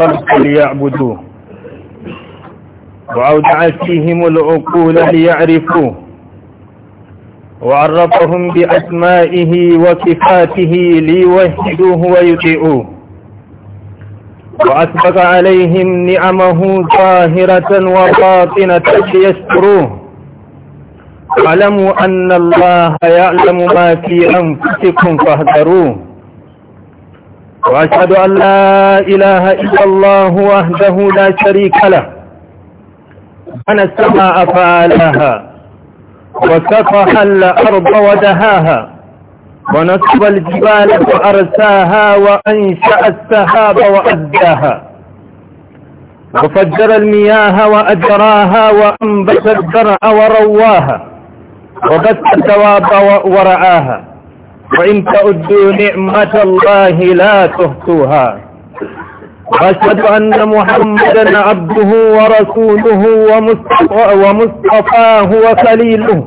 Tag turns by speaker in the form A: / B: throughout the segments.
A: الخلق ليعبدوه وأودع فيهم العقول ليعرفوه وعرفهم بأسمائه وصفاته ليوحدوه ويطيعوه وأسبق عليهم نعمه ظاهرة وباطنة ليشكروه علموا أن الله يعلم ما في أنفسكم فاهدروه وأشهد أن لا إله إلا الله وحده لا شريك له أنا السماء فعلاها وسفح الأرض ودهاها ونصب الجبال فأرساها وأنشأ السحاب وأداها وفجر المياه وأجراها وأنبت الزرع ورواها وبث الثواب ورعاها وإن تعدوا نعمة الله لا تهتوها وأشهد أن محمدا عبده ورسوله ومصطفاه وخليله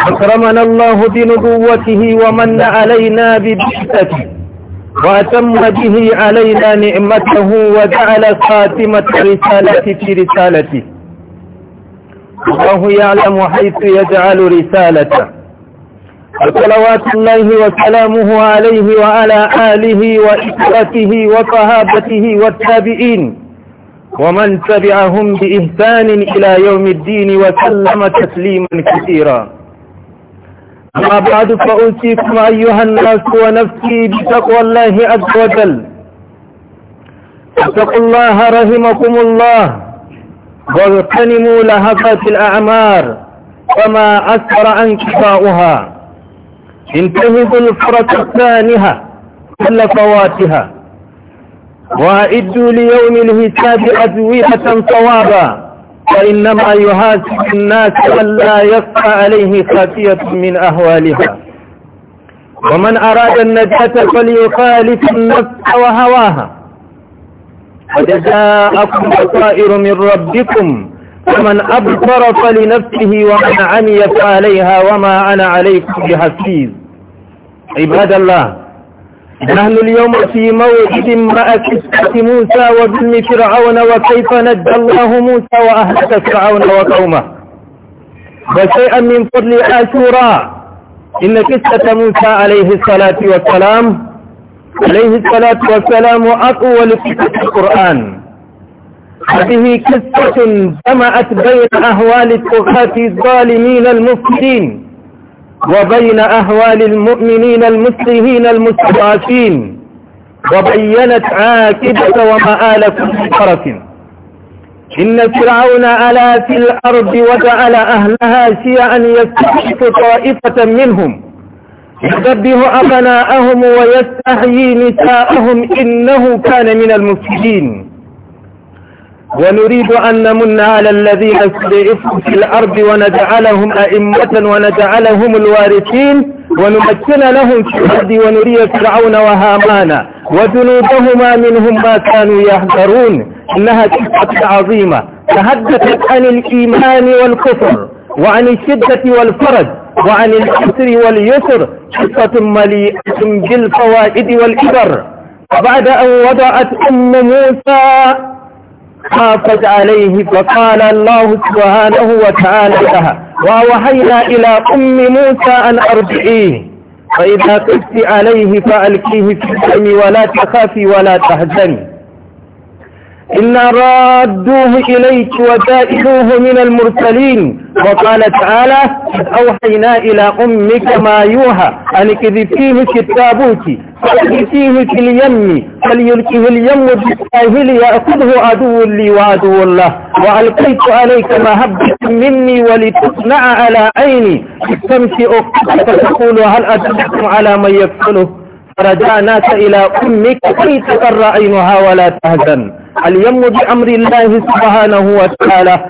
A: أكرمنا الله بنبوته ومن علينا ببعثته وأتم به علينا نعمته وجعل خاتمة رسالة في رسالته الله يعلم حيث يجعل رسالته وصلوات الله وسلامه عليه وعلى آله وإخوته وصحابته والتابعين ومن تبعهم بإحسان إلى يوم الدين وسلم تسليما كثيرا أما بعد فأوصيكم أيها الناس ونفسي بتقوى الله عز وجل اتقوا الله رحمكم الله واغتنموا لهفات الأعمار وما أسر أنكفاؤها انتهبوا الفرة الثانية كل فواتها وأعدوا ليوم الهتاب أدوية صوابا فإنما يهاجم الناس من لا يخفى عليه خافية من أهوالها
B: ومن أراد النجاة فليخالف
A: النفس وهواها وجزاءكم بصائر من ربكم ومن أبصر فلنفسه ومن عمي فعليها وما أنا عليكم بحفيظ عباد الله نحن اليوم في موعد امرأة موسى وظلم فرعون وكيف ندى الله موسى وأهلك فرعون وقومه وشيئا من فضل آشوراء إن قصة موسى عليه الصلاة والسلام عليه الصلاة والسلام أقوى قصة القرآن هذه قصة جمعت بين أهوال الطغاة الظالمين المفسدين وبين أهوال المؤمنين المسلمين المستضعفين وبينت عاقبة ومآل كل طرف إن فرعون ألا في الأرض وجعل أهلها شيعا يستحق طائفة منهم يذبه أبناءهم ويستحيي نساءهم إنه كان من المفسدين ونريد أن نمن على الذين استضعفوا في الأرض ونجعلهم أئمة ونجعلهم الوارثين ونمكن لهم في الأرض ونري فرعون وهامان وجنودهما منهم ما كانوا يحذرون إنها قصة عظيمة تحدثت عن الإيمان والكفر وعن الشدة والفرج وعن العسر واليسر قصة مليئة بالفوائد والإبر وبعد أن وضعت أم موسى خافت عليه فقال الله سبحانه وتعالى لها وأوحينا إلى أم موسى أن أرجعيه فإذا خفت عليه فألقيه في الدم ولا تخافي ولا تهزني إن رادوه إليك وجائلوه من المرسلين وقال تعالى أوحينا إلى أمك ما يوحى أن كذبتيه في التابوت فاكذبتيه في اليم فليلكه اليم بالساهل يأخذه عدو لي وعدو الله وألقيت عليك مهبة مني ولتصنع على عيني تمشي أختك فتقول هل أدلكم على من يكفله فرجعناك إلى أمك كي تقر عينها ولا تهزن اليم بأمر الله سبحانه وتعالى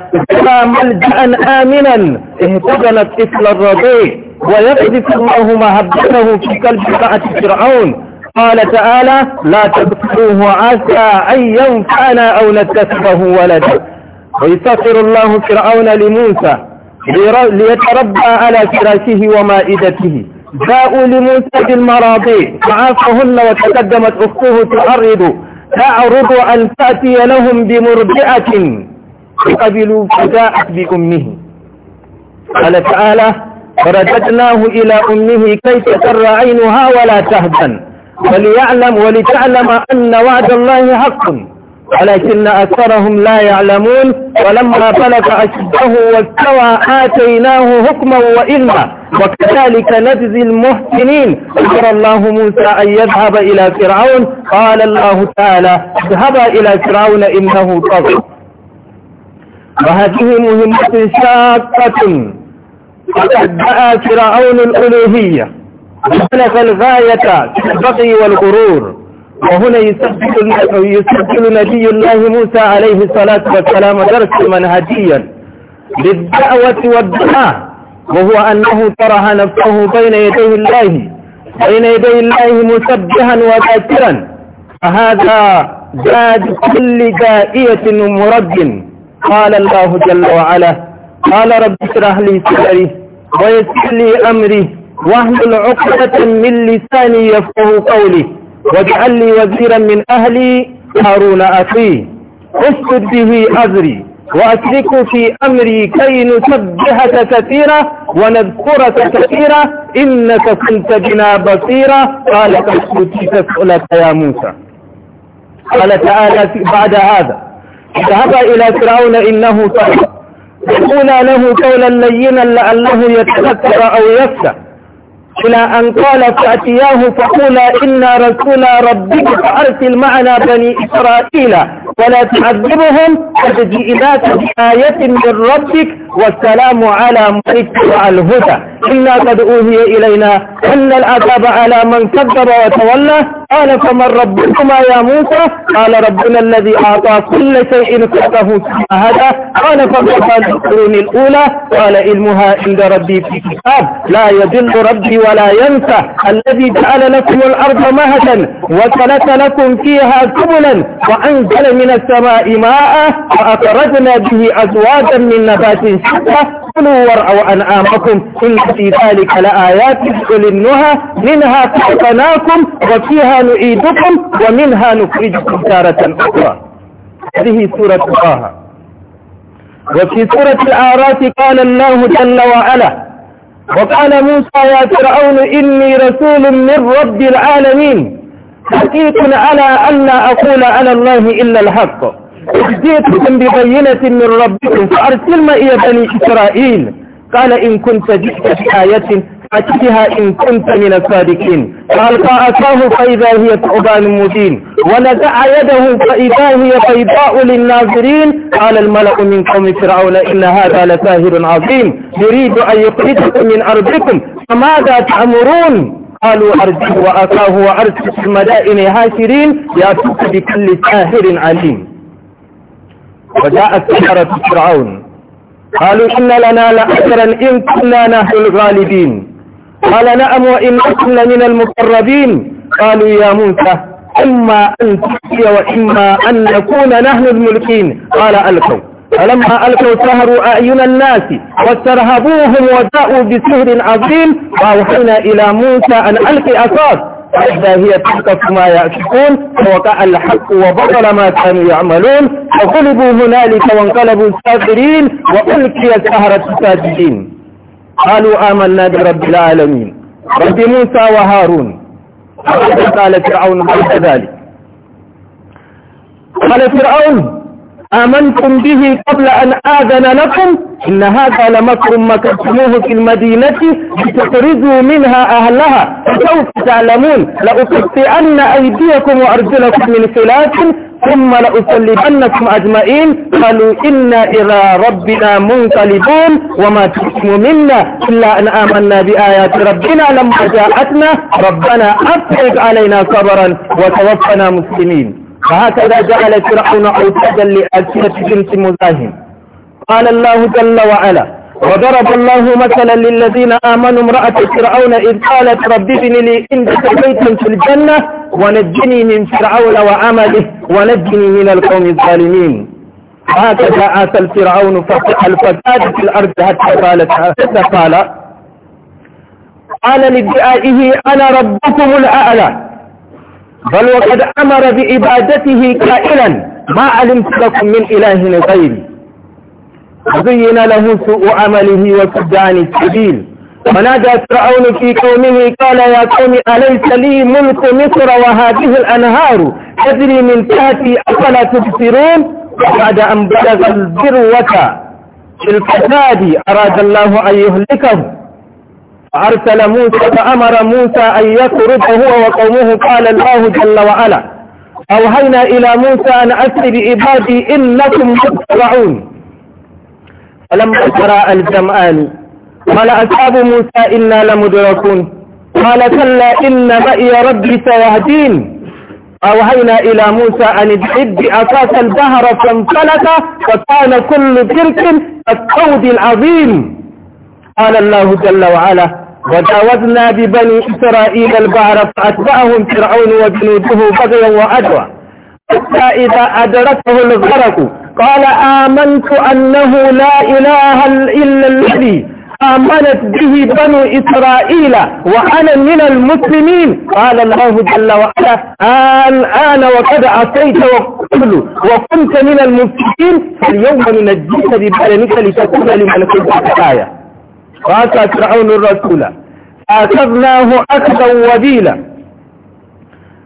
A: لا ملجأ آمنا اهتدنت طفل الرضيع ويقذف الله مهبته في كلب امرأة فرعون قال تعالى لا تقتلوه عسى أن ينفعنا أو نتسبه ولدا ويسخر الله فرعون لموسى ليتربى على فراشه ومائدته جاءوا لموسى بالمراضي فعافهن وتقدمت أخته تعرضه تعرض أن تأتي لهم بمرضعة قبلوا فجاءت بأمه قال تعالى فرددناه إلى أمه كي تسر عينها ولا تهدن وليعلم ولتعلم أن وعد الله حق ولكن أكثرهم لا يعلمون ولما بلغ أشده واستوى آتيناه حكما وإلما وكذلك نجزي المحسنين أمر الله موسى أن يذهب إلى فرعون قال الله تعالى اذهبا إلى فرعون إنه طغى وهذه مهمة شاقة فقد فرعون الألوهية بلغ الغاية في البغي والغرور وهنا يسجل يسجل نبي الله موسى عليه الصلاة والسلام درسا منهجيا للدعوة والدعاء وهو أنه طرح نفسه بين يدي الله بين يدي الله مسبحا وذاكرا فهذا زاد كل دائية مرد قال الله جل وعلا قال رب اشرح لي صدري ويسر لي أمري واهل العقدة من لساني يفقه قولي واجعل لي وزيرا من أهلي هارون أخي أفقد به أذري وأشركه في أمري كي نسبحك كثيرا ونذكرك كثيرا إنك كنت بنا بصيرا قال فاسكتي تسألك يا موسى قال تعالى بعد هذا ذهب إلى فرعون إنه طغى يقول له قولا لينا لعله يتذكر أو يفتح إلى أن قال فأتياه فقولا إنا رسول ربك فأرسل معنا بني إسرائيل ولا تعذبهم قد جئناك بآية من ربك والسلام على من اتبع الهدى إلا قد أوهي إلينا أن العذاب على من كذب وتولى قال فمن ربكما يا موسى قال ربنا الذي أعطى كل شيء خلقه هذا قال فمن القرون الأولى قال علمها عند ربي في كتاب لا يضل ربي ولا ينسى الذي جعل لكم الأرض مهدا وسلك لكم فيها سبلا وأنزل من السماء ماء وأخرجنا به أزواجا من نبات شتى كلوا وارعوا أنعامكم إن في ذلك لآيات النهى منها تحقناكم وفيها نعيدكم ومنها نخرجكم تارة أخرى هذه سورة طه وفي سورة الآرات قال الله جل وعلا وقال موسى يا فرعون إني رسول من رب العالمين حقيق على أن لا أقول على الله إلا الحق جئتكم ببينة من ربكم فأرسل إلى بني إسرائيل قال إن كنت جئت بآية فأتها إن كنت من الصادقين فألقى فأتاه فإذا هي ثعبان مبين ونزع يده فإذا هي بيضاء للناظرين قال الملأ من قوم فرعون إن هذا لساهر عظيم يريد أن يخرجكم من أرضكم فماذا تأمرون قالوا أرجه وأتاه وأرسل المدائن هاشرين يأتوك بكل ساهر عليم وجاء السحرة فرعون قالوا إن لنا لأجرا إن كنا نحن الغالبين قال نعم وإن كنا من المقربين قالوا يا موسى إما أن تحيي وإما أن نكون نحن الملكين قال ألقوا فلما ألقوا سهروا أعين الناس واسترهبوهم وجاءوا بسهر عظيم وأوحينا إلى موسى أن ألقي أساس فإذا هي تقف ما يأتكون ووقع الحق وبطل ما كانوا يعملون فغلبوا هنالك وانقلبوا الساخرين وألقي السهرة ساجدين قالوا آمنا برب العالمين رب موسى وهارون قال فرعون هل ذلك قال فرعون آمنتم به قبل أن آذن لكم إن هذا لمكر مكرتموه في المدينة لتخرجوا منها أهلها فسوف تعلمون لأقطعن أيديكم وأرجلكم من خلاف ثم لأسلمنكم أجمعين قالوا إنا إلى ربنا منقلبون وما تسم منا إلا أن آمنا بآيات ربنا لما جاءتنا ربنا أفرج علينا صبرا وتوفنا مسلمين فهكذا جعل فرعون أوتادا لألسنة جنس مزاهم قال الله جل وعلا وضرب الله مثلا للذين آمنوا امرأة فرعون إذ قالت رب ابن لي عندك بيتا في الجنة ونجني من فرعون وعمله ونجني من القوم الظالمين هكذا اتى الفرعون فسح الفساد في الأرض حتى قالت حتى قال قال لدعائه أنا ربكم الأعلى بل وقد أمر بعبادته كائلا ما علمت لكم من إله غيري زين له سوء عمله وصد عن السبيل ونادى فرعون في قومه قال يا قوم أليس لي ملك مصر وهذه الأنهار تجري من تحتي أفلا تبصرون بعد أن بلغ الذروة في الفساد أراد الله أن يهلكه أرسل موسى فأمر موسى أن يخرج هو وقومه قال الله جل وعلا أوهينا إلى موسى أن أسر بعبادي إنكم مطرعون فلم ترى الجمعان قال أصحاب موسى إنا لمدركون قال كلا إن بأي ربي سيهدين أوهينا إلى موسى أن ادعب بأساس الدهر فانفلت وكان كل ترك التود العظيم قال الله جل وعلا وجاوزنا ببني إسرائيل البحر فأتبعهم فرعون وجنوده بغيا وعدوى حتى إذا أدركه الغرق قال آمنت أنه لا إله إلا الذي آمنت به بنو إسرائيل وأنا من المسلمين قال الله جل وعلا الآن وقد عصيت وقبل وكنت من المسلمين فاليوم ننجيك ببدنك لتكون لمن كنت واتى فرعون الرسول فاخذناه اخذا وبيلا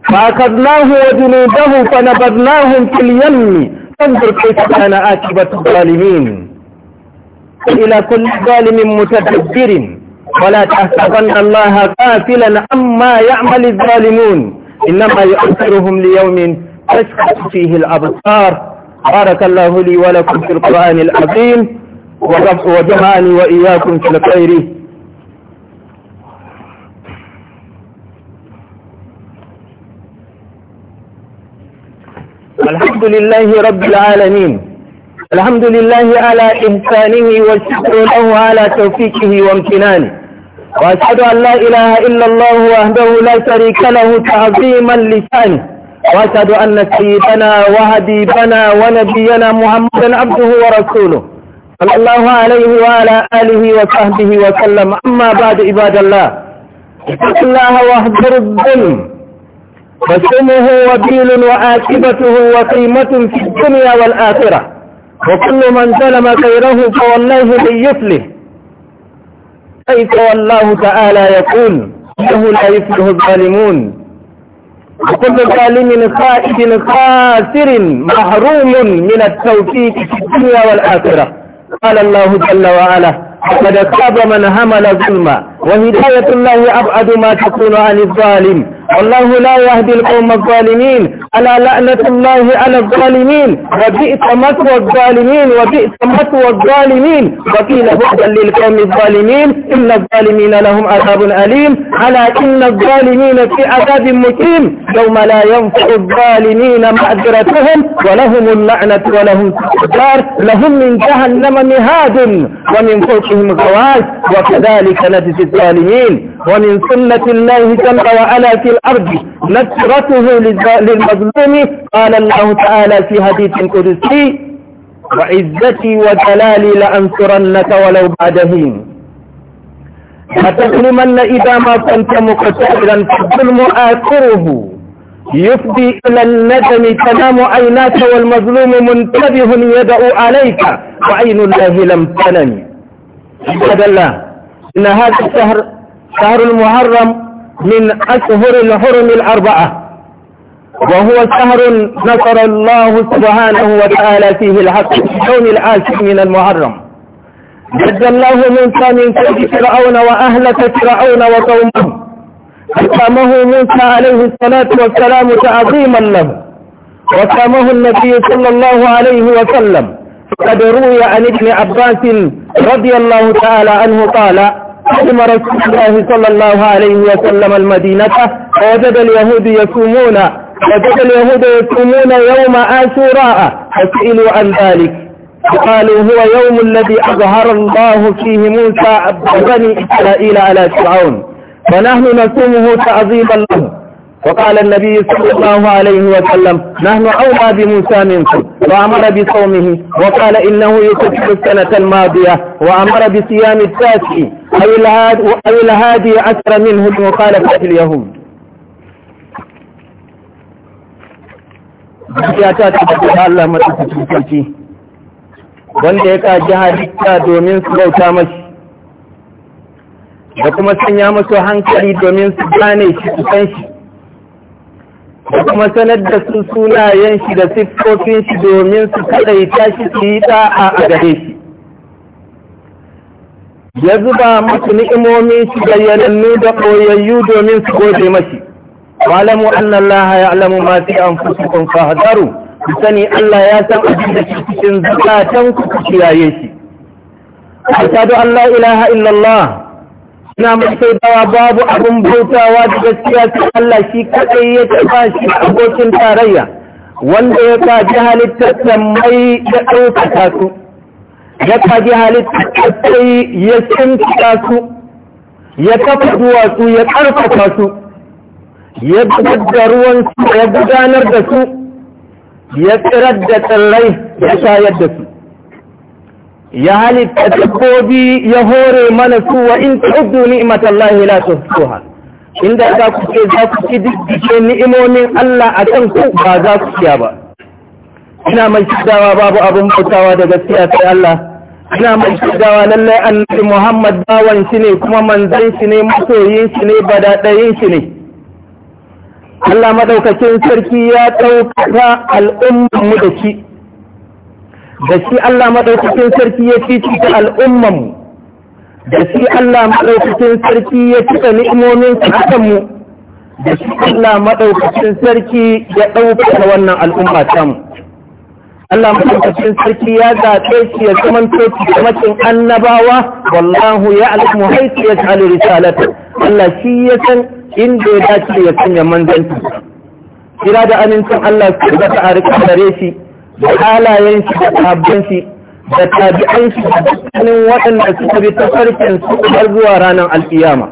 A: فاخذناه وجنوده فنبذناهم في اليم فانظر كيف كان عاقبه الظالمين الى كل ظالم متدبر ولا تحسبن الله قاتلا عما يعمل الظالمون انما يؤثرهم ليوم تشخص فيه الابصار بارك الله لي ولكم في القران العظيم وجمعني وإياكم في الخير الحمد لله رب العالمين الحمد لله على إحسانه والشكر له على توفيقه وامتنانه وأشهد أن لا إله إلا الله وحده لا شريك له تعظيما لسانه وأشهد أن سيدنا وحبيبنا ونبينا محمدا عبده ورسوله صلى الله عليه وعلى آله وصحبه وسلم أما بعد عباد الله اتقوا الله واهدروا الظلم فسمه وبيل وعاقبته وقيمة في الدنيا والآخرة وكل من ظلم غيره فوالله من يفلح كيف والله تعالى يقول انه لا يفلح الظالمون
B: وكل ظالم خائف
A: خاسر محروم من التوفيق في الدنيا والآخرة قال الله جل وعلا فقد خاب من همل ظلما وهداية الله أبعد ما تكون عن الظالم والله لا يهدي القوم الظالمين ألا لعنة الله على الظالمين وبئس مثوى الظالمين وبئس مثوى الظالمين وقيل بعدا للقوم الظالمين إن الظالمين لهم عذاب أليم على إن الظالمين في عذاب مقيم يوم لا ينفع الظالمين معذرتهم ولهم اللعنة ولهم الدار لهم من جهنم مهاد ومن فوقهم غواز وكذلك نجزي الظالمين ومن سنة الله جل وعلا في الأرض نصرته للمظلوم قال الله تعالى في حديث قدسي وعزتي وجلالي لأنصرنك ولو بعد حين لتظلمن إذا ما كنت مقتدرا فالظلم آخره يفضي إلى الندم تنام عيناك والمظلوم منتبه يدعو عليك وعين الله لم تنم عباد الله إن هذا الشهر شهر المحرم من أشهر الحرم الأربعة وهو شهر نصر الله سبحانه وتعالى فيه الحق في يوم العاشر من المحرم جد الله موسى من كيد فرعون واهل فرعون وقومه أقامه موسى عليه الصلاة والسلام تعظيما له وقامه النبي صلى الله عليه وسلم فقد روي عن ابن عباس رضي الله تعالى عنه قال قدم رسول الله صلى الله عليه وسلم المدينة وجد اليهود يصومون وجد اليهود يصومون يوم آشوراء فسئلوا عن ذلك قالوا هو يوم الذي أظهر الله فيه موسى بني إسرائيل على فرعون ونحن نصومه تعظيما له وقال النبي صلى الله عليه وسلم نحن أولى بموسى منكم وأمر بصومه وقال إنه يكفر السنة الماضية وأمر بصيام التاسع أو الهادي عشر منه بمخالفة اليهود ya ta tabbata da Allah matsakaicin sarki wanda ya kaji halitta domin su bauta mashi da kuma sanya masu hankali domin su gane shi su san shi da kuma sanar da su sunayen shi da siffofin shi domin su kaɗaita shi su yi ta a gare shi ya zuba masu ni'imomi su bayyanannu da ɓoyayyu domin su gode mashi malamu masu ya'lamu ma fi anfusikum su sani Allah ya san abin da shi cikin zukatan ku ku kiyaye shi ashhadu Allah ilaha illallah ina mai dawa babu abin bautawa da gaskiya sai Allah shi kaɗai ya taɓa shi abokin tarayya wanda ya kaji halittar mai ya ɗaukaka ya kaji halitta kai ya tsinta su ya kafa duwatsu ya karfafa su ya da ruwan su ya gudanar da su ya tsirar da tsirrai ya shayar da su ya halitta dabbobi ya hore mana su wa in ta'uddu lahi la tuhsuha inda za ku ce za ku ci dukkan ni'imomin Allah akan ku ba za ku ciya ba ina mai shaidawa babu abin bautawa da gaskiya sai Allah ina mai shaidawa lallai annabi Muhammad bawan shi ne kuma manzon shi ne masoyin shi ne badadayin shi ne Allah madaukakin sarki ya ɗaukaka al'ummar mu da shi da shi Allah madaukakin sarki ya fifita al'ummar mu da shi Allah madaukakin sarki ya cika ni'imomin sa mu da shi Allah madaukakin sarki ya ɗaukaka wannan al'umma ta mu Allah mutuntacin sarki ya zaɓe shi ya zama toki da makin annabawa wallahu ya alamu haiti ya tsali risalata Allah shi ya san inda ya dace ya sanya manzanci kira da amincin Allah su da ta arika dare shi da halayen shi da sabbin shi da tabi'an shi da dukkanin waɗanda suka bi tafarkin su har zuwa ranar alkiyama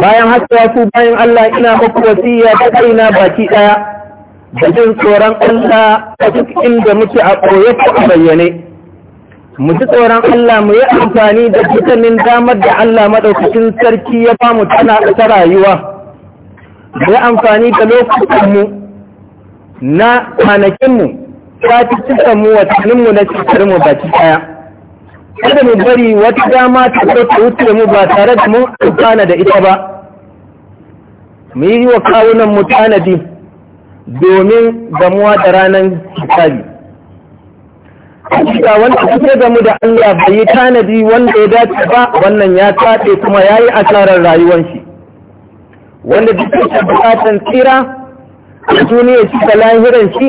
A: bayan haka ya su bayan Allah ina muku wasiya ta kaina baki ɗaya da tsoron Allah a duk inda muke a ɓoye ko a bayyane. Mu ji tsoron Allah mu yi amfani da dukkanin damar da Allah maɗaukacin sarki ya ba mu tana ta rayuwa. Mu yi amfani da lokacinmu na kwanakinmu, cikinmu watanninmu na ba baki ɗaya. Kada mu bari wata dama ta zo ta wuce mu ba tare da mun amfana da ita ba. Mu yi wa kawunan mu tanadi. domin gamuwa da ranar hisabi hakika wanda kuke gamu da Allah bai yi tanadi wanda ya dace ba wannan ya taɗe kuma ya yi asarar rayuwar shi wanda duk yake bukatan tsira a duniya shi da lahiran shi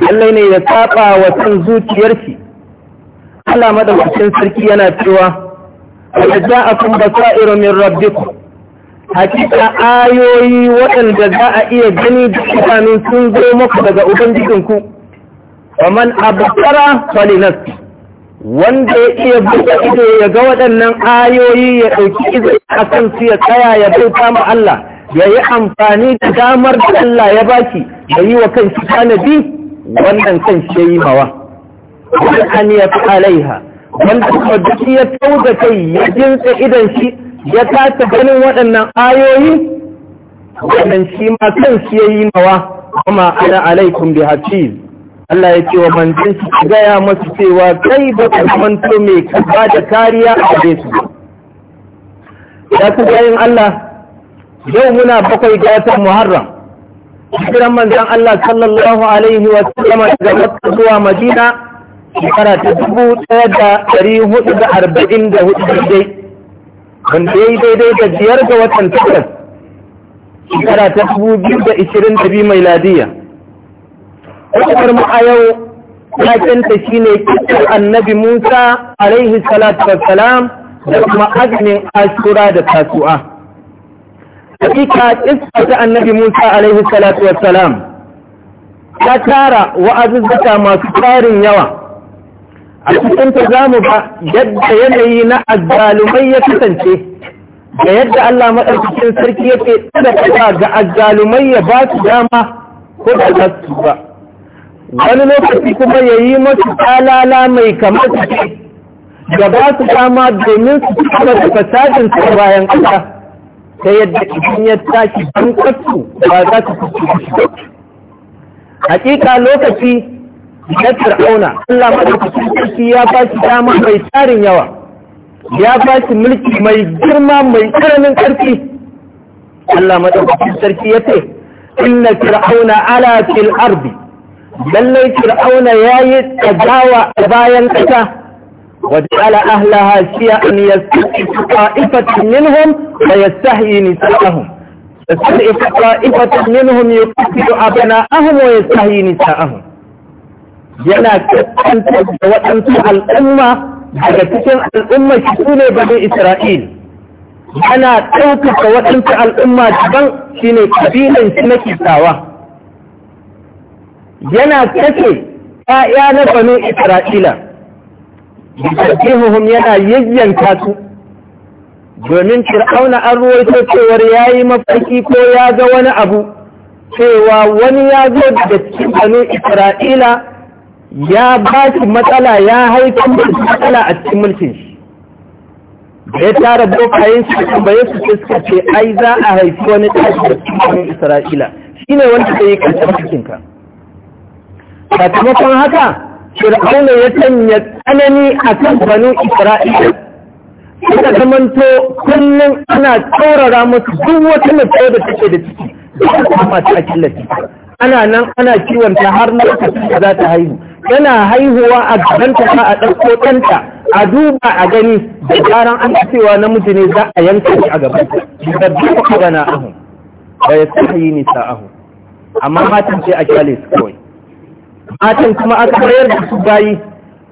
A: lallai ne ya saba wa san zuciyar shi Allah madaukakin sarki yana cewa a ja'a kun basairu min rabbikum hakika ayoyi waɗanda za a iya gani da kusanin sun zo maku daga ubangijinku kamar abukara falinat wanda ya iya buɗe ido ya ga waɗannan ayoyi ya ɗauki ido a kan su ya tsaya ya bauta ma Allah ya yi amfani da damar da Allah ya baki ya yi wa kanshi tanadi wannan kanshi ya yi mawa Wani an ya fi alaiha wanda kuma duk ya tauda kai ya jinsa idan shi ya kasa ganin waɗannan ayoyi wannan shi ma kan shi ya yi nawa, kuma ana alaikum bi hafiz Allah ya ce wa manzon su gaya masu cewa kai ba ka manto mai kaba da kariya a gare su ya ku gayin Allah yau muna bakwai ga watan Muharram kiran manzan Allah sallallahu alaihi wa sallama daga Makka zuwa Madina shekara ta dubu ɗaya da hudu arba'in da hudu wanda ya yi daidai da biyar ga watan takwas shekara ta dubu biyu da ishirin da biyu mai Ladiya. ƙasar mu a yau ta shi ne kisar annabi musa alaihi salatu wassalam da kuma azumin ashura da tasu'a ka kisar ta annabi musa alaihi salatu wassalam ta tara wa'azuzzuka masu tarin yawa a cikin ta zamu ba yadda yanayi na azzalumai ya kasance da yadda Allah maɗarkacin sarki ya yake tsada ga azzalumai ya ba su dama ko da za su ba wani lokaci kuma ya yi masu talala mai kamar su da ba su dama domin su kuma da fasadin su bayan ƙasa ta yadda idan ya tashi don ba za su fi ba hakika lokaci na fir'auna Allah madaukakin sarki ya ba shi dama mai tsarin yawa ya ba shi mulki mai girma mai karamin karfi Allah madaukakin sarki ya ce inna fir'auna ala fil ardi lallai fir'auna yayi tagawa a bayan kasa wa ja'ala ahlaha shi'an yastahiqu qa'ifatan minhum wa yastahyi nisa'ahum yastahiqu qa'ifatan minhum yuqtilu abna'ahum wa yastahyi nisa'ahum yana kaskantar da waɗansu al'umma daga cikin al'umma shi su ne bane isra'il yana ɗaukaka waɗansu al'umma daban shi ne ƙabilan shi na kisawa yana kashe yaya na bane isra'ila jihuhum yana yayyanta su domin fir'auna an ruwaito cewar ya yi mafarki ko ya ga wani abu cewa wani ya zo daga cikin bane isra'ila ya ba shi matsala ya haifar da matsala a cikin mulkin shi da ya tara dokayen shi kan bayan su ce suka ce ai za a haifi wani ɗaki da cikin isra'ila shi ne wanda zai yi karshen cikinka sakamakon haka fir'auna ya sanya tsanani a kan banu isra'ila suka zamanto kullum ana tsaurara musu duk wata mace da take da ciki da kuma mata killace ana nan ana ta har lokacin da za ta haihu tana haihuwa a gabanta ta a ɗauko ɗanta a duba a gani da zaran an cewa namiji ne za a yanka shi a gabanta da duk ka gana ahu ba ya sa yi nisa ahu amma matan ce a kyale su kawai matan kuma aka bayar da su bayi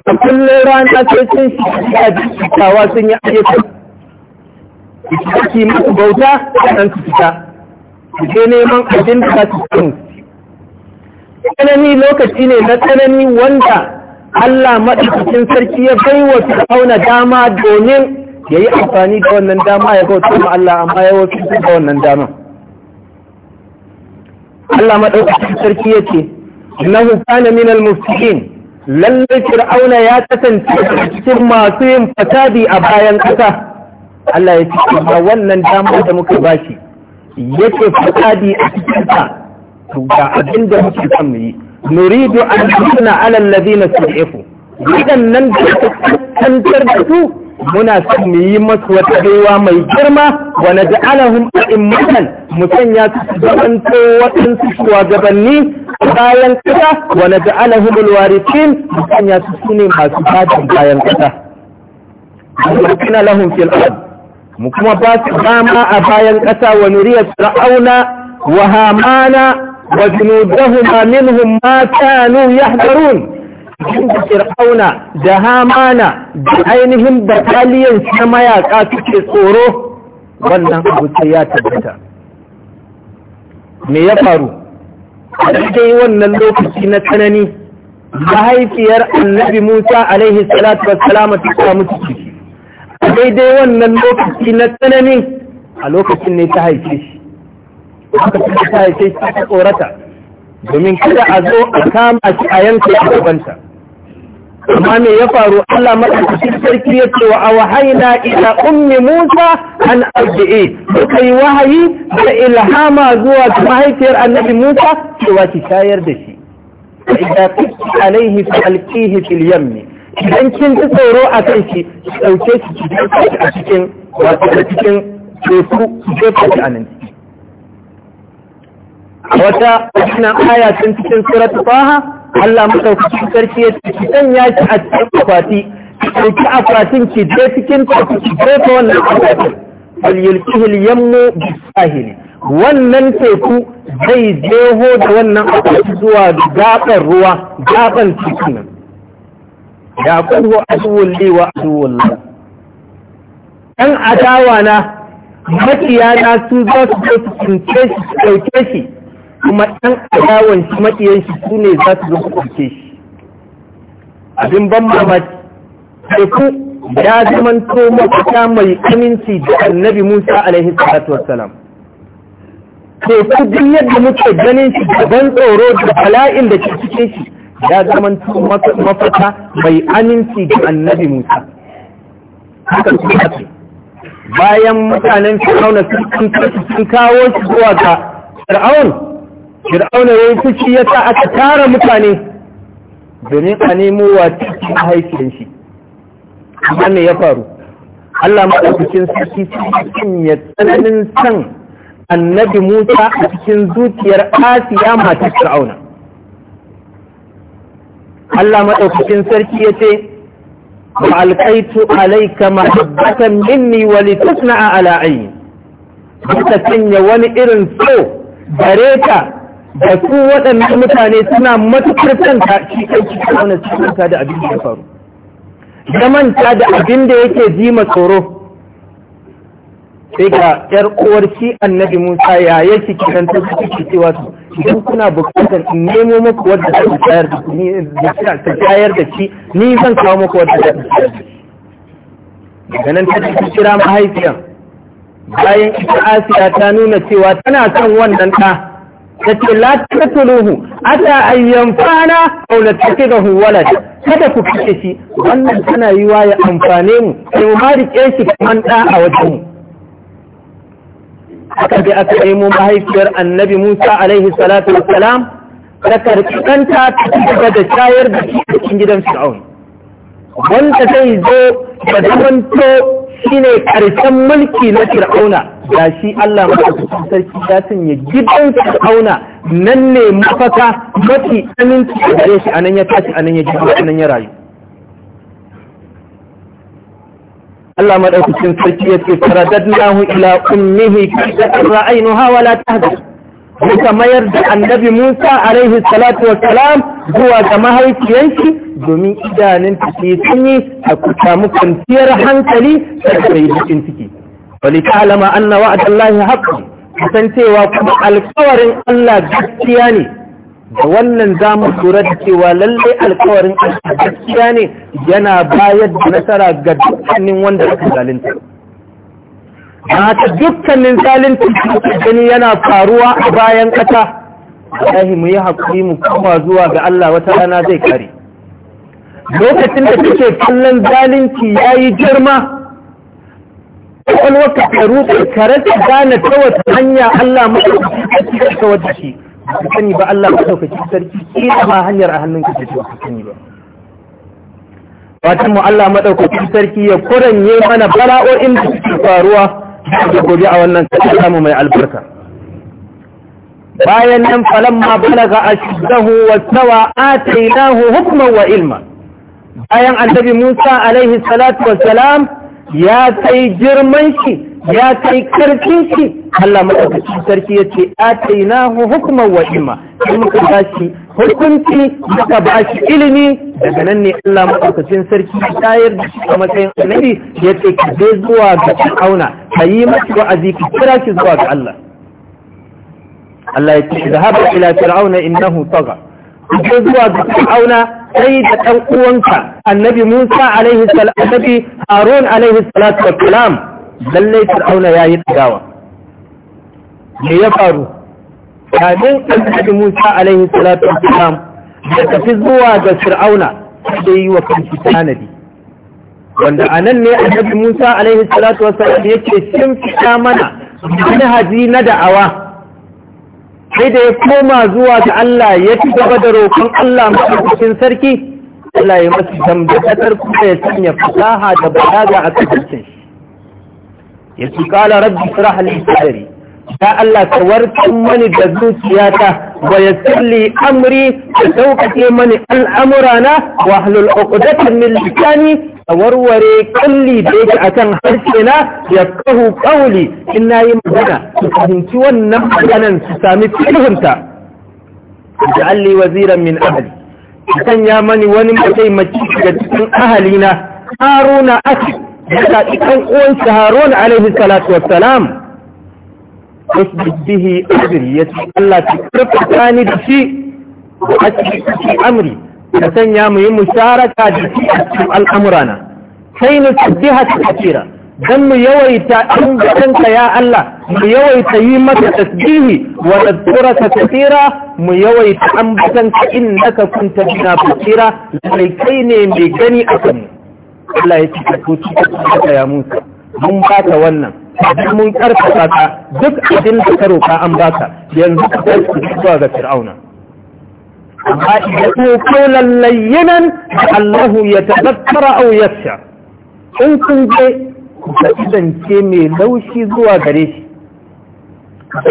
A: a kullum rana sai sun shi a cikawa sun yi ayyuka ki masu bauta a ɗan su fita ki je neman abin da za su tsanani lokaci ne na tsanani wanda Allah maɗaukacin sarki ya bai wa fir'auna dama domin ya yi amfani da wannan dama ya bauta ma Allah amma ya wasu da wannan dama Allah maɗaukacin sarki ya ce Na kana min al lallai fir'auna ya kasance cikin masu yin fasadi a bayan ƙasa Allah ya ce ba wannan dama da muka bashi yake fasadi a cikin ga abin da muke son mu yi nuridu an nuna ala alladhina su'ifu waɗannan da suka da muna son mu yi masu wata mai girma wa naj'alahum a'immatan mu sanya su su zamanto waɗansu shugabanni bayan kasa wa naj'alahum alwarithin mu su sune masu gadin bayan kasa
B: wa
A: lahum fil ard mu kuma ba su dama a bayan ƙasa wa nuriya fir'auna wa hamana وجنودهما منهم ما كانوا يحذرون da fir'auna da hamana da ainihin bataliyan na mayaka suke tsoro wannan abu sai ya tabbata me ya faru a dai wannan lokaci na tsanani mahaifiyar annabi musa alaihi salatu wassalam ta samu ciki a daidai wannan lokaci na tsanani a lokacin ne ta haife shi haka kuma ta yi sai ta tsorata domin kada a zo a kama shi a yanke a gabanta amma me ya faru Allah madaukakin sarki ya ce wa awhayna ila ummi Musa an arji'i kai wahayi da ilhama zuwa mahaifiyar annabi Musa cewa ki shayar da shi idza qiti alayhi fa alqihi fil yammi
B: idan kin ji tsoro a
A: kan shi ki dauke shi a cikin wato cikin teku ki jefa shi a nan wata suna aya tun cikin surat Taha Allah madaukakin sarki ya ce kitan ya ci a cikin akwati ki akwatin ki je cikin ki ki jefa wannan akwatin fal yulkihil yammu bisahil wannan teku zai jeho da wannan akwati zuwa gaban ruwa gaban cikin nan ya kullu aduwwul li wa aduwwul la dan adawa na makiyana su za su zo su cince shi su ɗauke shi kuma ɗan adawan shi makiyan shi su ne za su zama ƙarfe shi abin ban mamaki teku ya zama to mafita mai aminci da annabi musa alaihi salatu wassalam teku duk yadda muke ganin shi gaban tsoro da bala'in da ke cike shi ya zama to mafita mai aminci da annabi musa haka bayan mutanen fir'auna sun kawo shi zuwa ga fir'aun fir'auna yayi yi fushi ya aka tara mutane domin a nemo wa cikin mahaifiyar shi wannan ya faru Allah maɗaukakin sarki cikin ya tsananin san annabi Musa a cikin zuciyar Asiya matar fir'auna Allah maɗaukakin sarki ya ce ba alkaitu alaika mahabbatan minni wa litusna'a ala ayni sanya wani irin so gare ka da su waɗannan mutane suna matuƙar kanta shi kai wani kauna cikinta da abin da ya faru ya manta da abin da yake ji ma tsoro sai ga ƴar uwar shi annabi Musa ya yake kiranta su ciki cewa su idan kuna bukatar in nemo muku wadda za ta tayar da ta tayar da shi ni zan kawo muku wadda za ta tayar da shi daga nan ta kira mahaifiyan bayan ita asiya ta nuna cewa tana son wannan ɗa tace la taqtuluhu ata an yanfana aw la taqidahu walad kada ku kace shi wannan tana wa ya amfane mu sai mu ma rike shi kaman da a wajen mu aka bi aka yi mu mahaifiyar annabi Musa alaihi salatu wassalam da karkanta ta da shayar da shi cikin gidan Fir'aun
B: wanda zai
A: zo da zamanto shine karshen mulki na fir'auna da shi Allah madaukakin sarki ya sanya gidan fir'auna nan ne mafaka mafi aminci da gare shi anan ya tashi anan ya jibo anan ya rayu Allah madaukakin sarki ya ce faradadnahu ila ummihi kai da ra'aynuha wala tahzan muka mayar da annabi Musa alaihi salatu salam zuwa ga mahaifiyanki domin idanun take sunyi a samu kwanciyar hankali da kai bikin ciki wali ta'lama anna wa'dallahi haqqun kasancewa kuma alkawarin Allah gaskiya ne da wannan zamu lura da cewa lallai alkawarin Allah gaskiya ne yana bayar da nasara ga dukkanin wanda aka zalunta haka dukkanin zalincin gani yana faruwa a bayan ƙasa Allah mu yi haƙuri mu koma zuwa ga Allah wata rana zai kare lokacin da kake kallon zalunci yayi girma kwakwalwar ka ta rufe ka gane ta wata hanya Allah mu sarki ka wata shi ba sani ba Allah ki sarki kila ma hanyar a hannun ka ta ce ba sani ba fatan mu Allah maɗaukaki sarki ya kuranye mana bala'o'in da suke faruwa da gobe a wannan kasar samu mai albarka bayan nan falamma balaga ashiddahu wastawa atainahu hukman wa ilma bayan annabi Musa alaihi salatu wassalam ya kai girman shi ya kai karfin shi Allah madaukakin sarki ya ce atainahu hukman wa ilma in muka ba shi hukunci muka ba shi ilimi daga nan ne Allah madaukakin sarki ya tayar da shi a matsayin annabi ya ce ka je zuwa ga Fir'auna ka yi masa wa'azi ka kira shi zuwa ga Allah Allah ya ce zahaba ila fir'auna innahu tagha ka zuwa ga Fir'auna sai da ɗan uwanka annabi Musa alaihi salatu annabi Harun alaihi salatu wassalam lallai fir'auna ya yi tsagawa me ya faru kamin annabi Musa alaihi salatu wassalam da tafi zuwa ga fir'auna da yi wa kanki tanadi wanda anan ne annabi Musa alaihi salatu wassalam yake sun fita mana manhaji na da'awa sai da ya koma zuwa ga Allah ya ci gaba da roƙon Allah mafi sarki Allah ya masu dambatar kuma ya sanya fasaha da balaga a cikin shi yace qala rabbi shrah li sadri ya Allah ka mani da zuciyata wa yassir li amri ka sauƙaƙe mani al'amurana wa halul uqdatan min a warware kalli da yake akan harshe na ya kahu qawli in yi magana su fahimci wannan maganan su sami fahimta alli waziran min ahli sanya mani wani mataimaki daga cikin ahalina haruna akhi ya zaɓi ɗan uwansa harun alaihi salatu wassalam wasbid bihi ajri ya ce Allah ki karfafa ni da shi wa asbid amri ka sanya mu yi musharaka da shi a cikin al'amurana sai ni tabbihata kafira dan mu yawaita ingantanka ya Allah mu yawaita yi maka tasbihi wa tadhkuraka kafira, mu yawaita an ambatanka innaka kunta bina basira kai ne mai gani a mu Allah ya ce ko cika ci ya Musa mun baka wannan idan mun karfafa ka duk abin da ka roka an baka yanzu ka kai zuwa ga Fir'auna amma idan ko lallai lallayyinan Allah ya tadakkara aw yasha in kun je ka idance mai laushi zuwa gare shi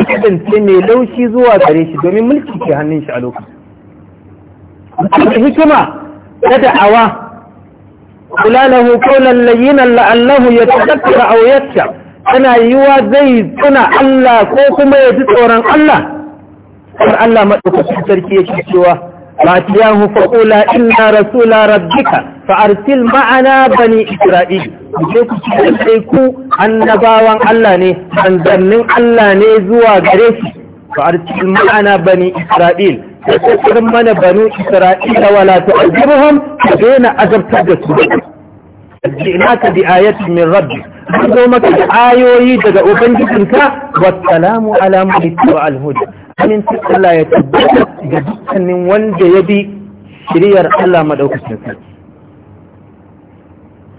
A: kasance mai laushi zuwa gare shi domin mulki ke hannun shi a lokacin. hikima ta da'awa kula na hukunan layinan la'allahu ya ci ɗaɗɗa a wuyarsa suna yi zai suna Allah ko kuma ya ji tsoron Allah kuma Allah maɗaukacin sarki ya ke cewa ba ta yi ina rasula rabbika fa'artil ma'ana bani isra'ili je ku ci ku annabawan Allah ne manzannin Allah ne zuwa gare shi fa'artil ma'ana bani Isra'il. da mana banu isra'ila wala tu'azzirhum ka daina azabtar da su jinaka bi ayatin min rabbi an zo maka da ayoyi daga ubangijinka wassalamu ala mulki wa alhuda amin Allah ya tabbata ga dukkanin wanda ya bi shiriyar Allah madaukakin sarki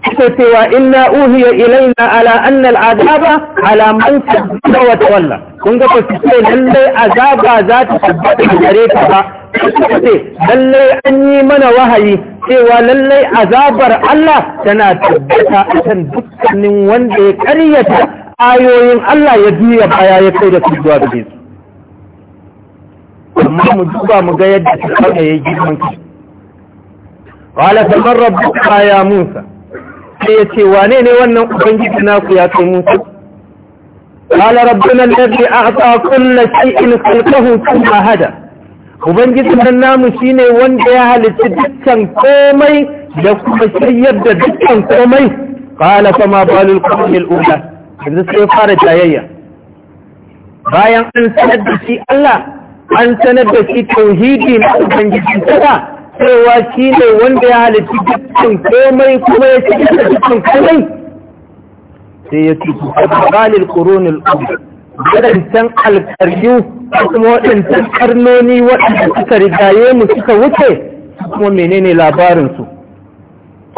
A: suke cewa inna uhiya ilaina ala annal azaba ala man kadda wa tawalla kun ga ba ce lallai azaba za ta tabbata gare ta ba suka ce lallai an yi mana wahayi cewa lallai azabar Allah tana tabbata akan dukkanin wanda ya karyata ayoyin Allah ya juya baya ya kai da su zuwa su amma mu duba mu ga yadda su fara yayi girman ki
B: Wala fa rabbuka
A: ya musa sai ya ce wane ne wannan ubangiji naku ya kai musu qala rabbuna alladhi a'ta kulla shay'in khalqahu thumma hada ubangiji nan namu shine wanda ya halitta dukkan komai da kuma shiryar da dukkan komai qala fama balul qawmil ula yanzu sai fara tayayya bayan an sanar da shi Allah an sanar da shi tauhidi na ubangiji sada cewa shi ne wanda ya halitti dukkan komai kuma ya cikin da dukkan komai sai ya ci balil koronil ubi waɗancan alkaryu kuma waɗancan karnoni waɗanda suka rigaye mu suka wuce kuma menene labarinsu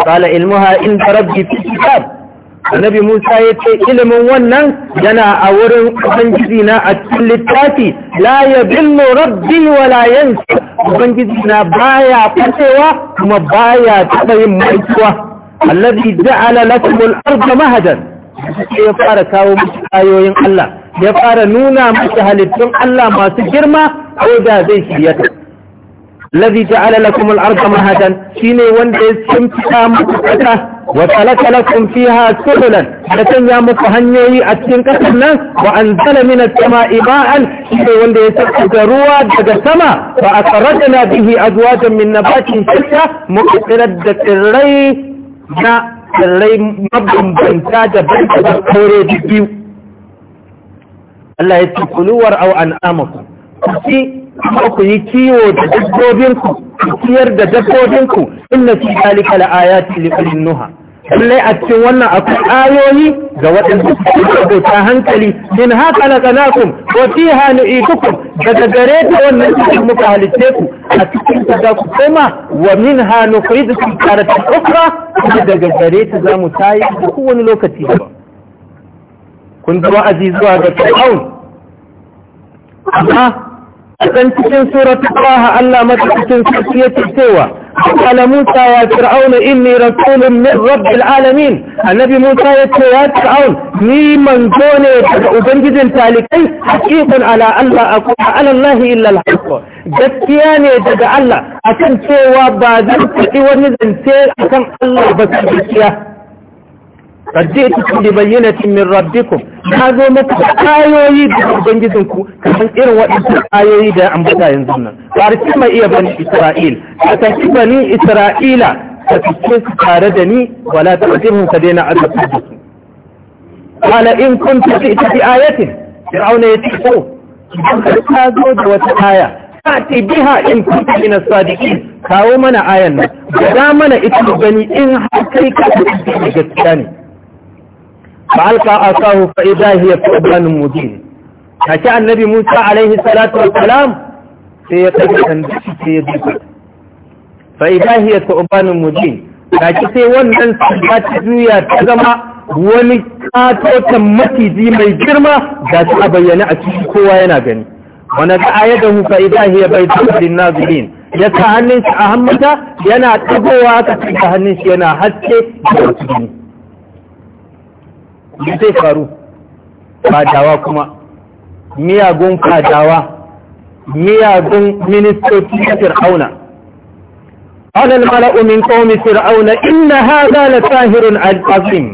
A: sale علمها عند ربي في كتاب annabi Musa ya ce ilimin wannan yana a wurin ubangiji na a cikin littafi la yadillu rabbi wa yansa ubangiji na baya fatewa kuma baya taba yin mantuwa alladhi ja'ala lakum al-ardha mahadan ya fara kawo musu ayoyin Allah ya fara nuna musu halittun Allah masu girma ko da zai shirya الذي جعل mahadan shine wanda ya وانده سمتها مكتا وَتَلَكَلَكُمْ فِيهَا سُهُلًا da canya muku hanyoyi a cikin ƙasar nan wa an zala mina sama iba'an shi wanda ya sassuka ruwa daga sama fa aka rajana bihi azwajan min nabatin shidda muka tsirar da tsirrai na tsirrai da bantaban kore biyu Allah ya ci kuluwar au an amaku ku kuma ku yi kiwo da dabbobinku ku ciyar da dabbobinku inna fi zalika la ayati li ulil nuha kalle a cikin wannan akwai ayoyi ga waɗanda suke ta hankali min ha na tsanakum ko fiha nu'itukum daga gare ta wannan cikin muka halitte ku a cikin ta da ku kuma wa min ha nukhrijukum taratan ukhra daga gare ta za tayi ku wani lokaci ba kun wa'azi azizuwa ga fir'aun amma dan cikin surat Allah Allah mata cikin sarki yake cewa Allah Musa wa Fir'aun inni rasulun min alamin annabi Musa ya ce wa Fir'aun ni manzo ne daga ubangijin talikai hakikan ala Allah aku ala Allah illa al-haq gaskiya ne daga Allah akan cewa ba zan fadi wani zance akan Allah ba gaskiya addu'a cikin da bayyana min rabbiku ka zo maka da ayoyi da ku kamar irin waɗansu ayoyi da an bada yanzu nan farisi mai iya bani isra'il ka tafi bani isra'ila ka tafi su tare da ni wala ta ajin mun ka daina azabta da su kala in kun tafi ita fi ki auna ya ce ko ka zo da wata aya ka ce biha in kun tafi na sadiqin kawo mana ayan nan ga mana ita bani in har kai ka tafi da gaskiya ne فألقى أصاه فإذا هي ثعبان مبين فشاء النبي موسى عليه الصلاة والسلام سيقف سيجيب فإذا هي ثعبان مبين فشاء sai wannan sanda ta ta zama wani katotan maciji mai girma da ta bayyana a cikin kowa yana gani wani ga ayyadahu fa idan hiya bai na nazirin ya sa hannun shi a hammata yana tagowa ka hannun shi yana haske da wasu me zai faru fadawa kuma miyagun fadawa miyagun ministoci na fir'auna alal mala'u min qaumi fir'auna inna na la sahirun azim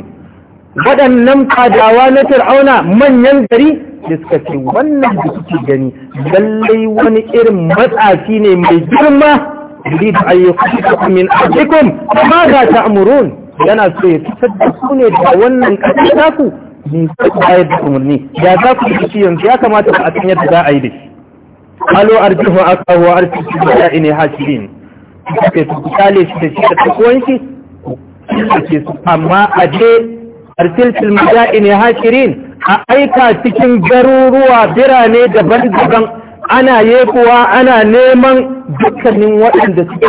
A: waɗannan fadawa na fir'auna manyan gari da suka ce wannan da gani lallai wani irin matsafi ne mai girma yuridu ayyukum min ajikum ma ga ta'murun yana so ya fitar da su ne da wannan ƙasar naku bi bayar da umarni ya za ku yi shi yanzu ya kamata ba a kan yadda za a yi da shi alo arjihu aka wa arziki da ya ine su ke su kale shi da shi da takuwan shi ke su amma a je arsilfil maja'ine hashirin a aika cikin garuruwa birane daban-daban ana yekuwa ana neman dukkanin waɗanda suke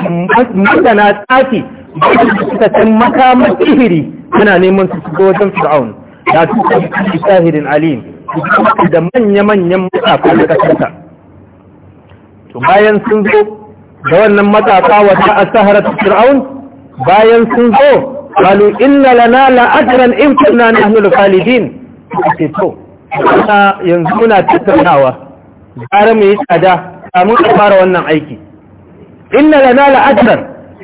A: masana tsafi waɗanda suka san makamar sihiri ana neman su shiga wajen fir'aun da su kashi sahirin alim da manya-manyan matsafa da ƙasarsa to bayan sun zo da wannan matsafa wata a saharar fir'aun bayan sun zo قالوا إن لنا لأجرا إن كنا نحن الخالدين to yanzu muna tattaunawa gara mu yi tsada kamun a fara wannan aiki inna lana la'adran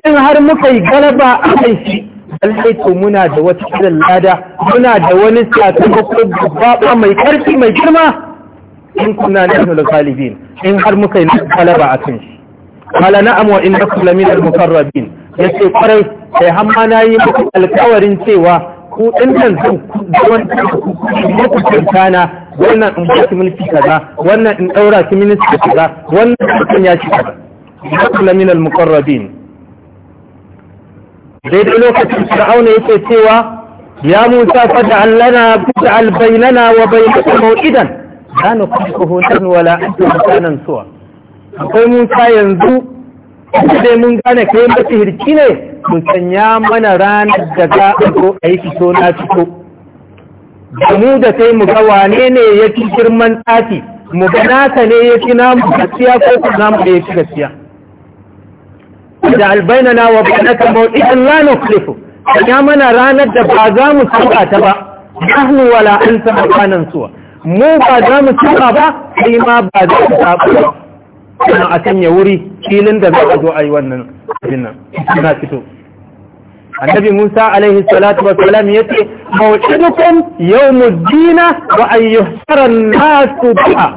A: in har muka yi galaba a kai shi lallai to muna da wata irin lada muna da wani sakamako babba mai karfi mai girma in kuna nahnu da ghalibin in har muka yi galaba a kan shi qala na'am wa innakum lamin al-muqarrabin yace kwarai sai hamma na yi muku alkawarin cewa ku nan zan ku wani ku ku ku wannan in ba ki mulki kaza wannan in daura ki minista kaza wannan kan ya ci kaza yakula min al-muqarrabin daidai lokacin fir'auna yake cewa ya musa fada allana al bainana wa bainaka maw'idan kana nuqsihu nan wala antum kanan suwa akwai musa yanzu sai mun gane kai mace hirki ne mun sanya mana ranar da za a zo a yi fito na fito da mu da sai mu ga wane ne ya ci girman tsaki mu ga nasa ne ya fi namu gaskiya ko ku namu da ya ci gaskiya da albaina na wa bainaka mawqitan la nukhlifu ya mana ranar da ba za mu saba ta ba hu wala anta abanan suwa mu ba za mu saba ba sai ma ba za mu saba ba a sanya wuri filin da za a zo a yi wannan abin nan na fito annabi Musa alaihi salatu wa salam yace mawqidukum yawmuddin wa an nasu biha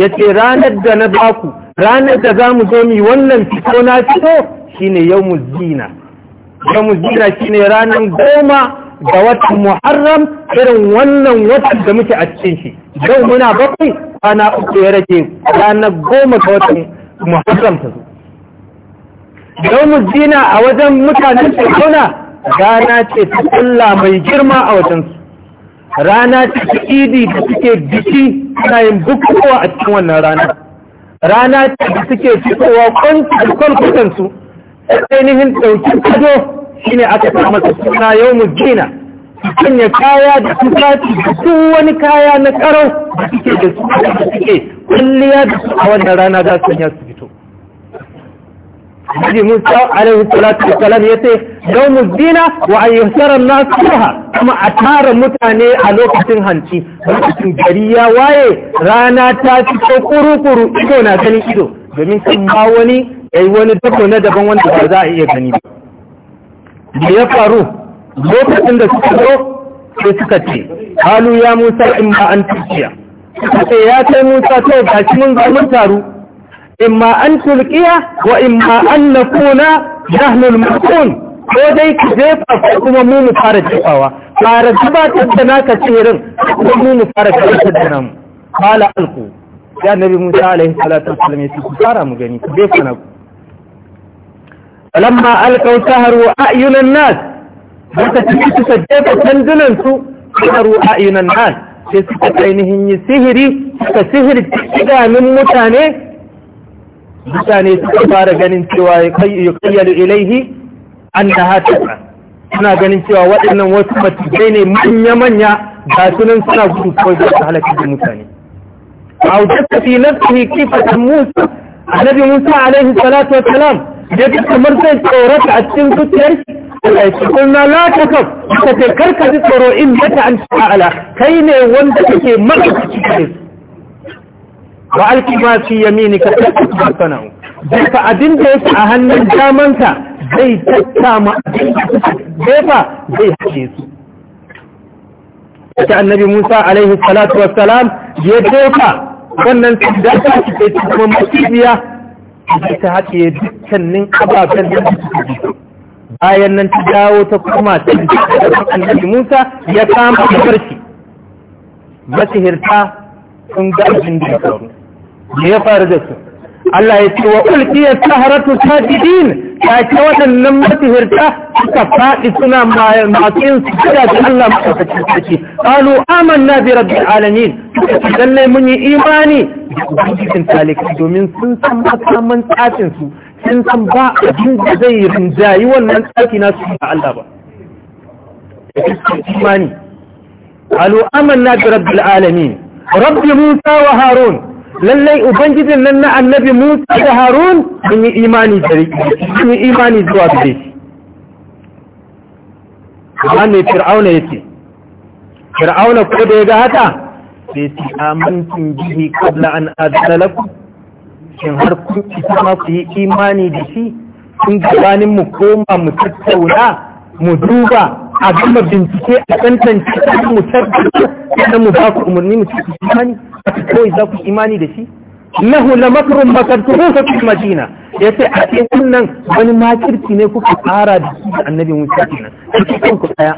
A: yace ranar da na baku ranar da zamu zo mi wannan fito na fito shine yawmuddin yawmuddin shine ranar goma da watan Muharram irin wannan watan da muke a cikin shi yau muna bakwai kwana uku ya rage ranar goma ga watan Muharram ta zo Yau dina a wajen mutanen tsakona rana ce ta kulla mai girma a wajensu rana ce ta idi da suke biki suna yin bukukuwa a cikin wannan rana rana ce da suke fitowa kwankwalkwatansu ainihin ɗauki kado ne aka sa masa suna yau yawon dina sanya kaya da sati da duk wani kaya na karau da suke da su da suke da su a wannan rana za su sanya Nabi Musa alaihi salatu wasalam ya ce yawmul dina wa an yuhsara nas kuma a tara mutane a lokacin hanci lokacin gari ya waye rana ta fito kuru-kuru ido na ganin ido domin sun ba wani yayi na daban wanda ba za a iya gani ba me ya faru lokacin da suka zo sai suka ce halu ya Musa in ma an tuciya suka ce ya kai Musa to gashi mun ga mun taru imma an tulkiya wa imma an nakuna jahlul ko dai ka jefa ko kuma mu mu fara jefawa fara gabatar ta naka tsirin ko mu mu fara gabatar da namu qala alqu ya nabi musa alaihi salatu wasallam ya ku fara mu gani ku jefa na ku lamma alqaw saharu ayunan nas wata tafi su jefa sandunan su saharu ayunan nas sai suka ainihin yi sihiri suka sihiri idanun mutane mutane suka fara ganin cewa ya kayyalu ilaihi an da hata suna ganin cewa waɗannan wasu matijai ne manya-manya ga sunan suna gudu kawai da halakar da mutane a wujasta fi nafsihi kifatan musa annabi musa alaihi salatu wa salam ya ji kamar zai tsorata a cikin zuciyar Allah ya ce kuma la ta kaf ka ce karka tsoro in yata an ta'ala kai ne wanda kake maka cikin وعلك ما في يمينك تكبر صنعه جيفا أدنك يسعى هن جامنك زي تتام جيفا زي حديث فتع النبي موسى عليه الصلاة والسلام يجيفا ونن تبدأت في تسمى مكتبية جيفا هكي يدكن من قبابا آية أن تجاو تقوما تبدأت النبي موسى يقام بفرشي مسهر تا تنقل من دي فرشي me ya faru da su Allah ya ce wa ulkiya saharatu sajidin ta ce waɗannan matihirta suka faɗi suna masu yin kira da Allah maɗaukacin sarki aman na bi rabbi alamin lallai mun yi imani da ubangijin talikai domin sun san makaman tsafin su sun san ba abin da zai rinjayi wannan tsaki na su ba Allah ba imani aman na bi rabbi alamin rabbi musa wa harun lallai ubangijin nan na annabi musa da harun sun yi imani da sun yi imani zuwa gare
B: shi amma fir'auna
A: ya ce fir'auna ko da ya ga haka sai ce amintun jihi kabla an azana shin har kun isa ma ku yi imani da shi kun gabanin mu koma mu tattauna mu duba a gama bincike a tantance kan mu tabbata sannan mu ba ku umarni mu ci imani kawai za ku imani da shi innahu la makrun makartuhu fa fil madina yace a cikin wannan wani makirci ne kuka tsara da shi da annabi Musa kenan cikin kanku daya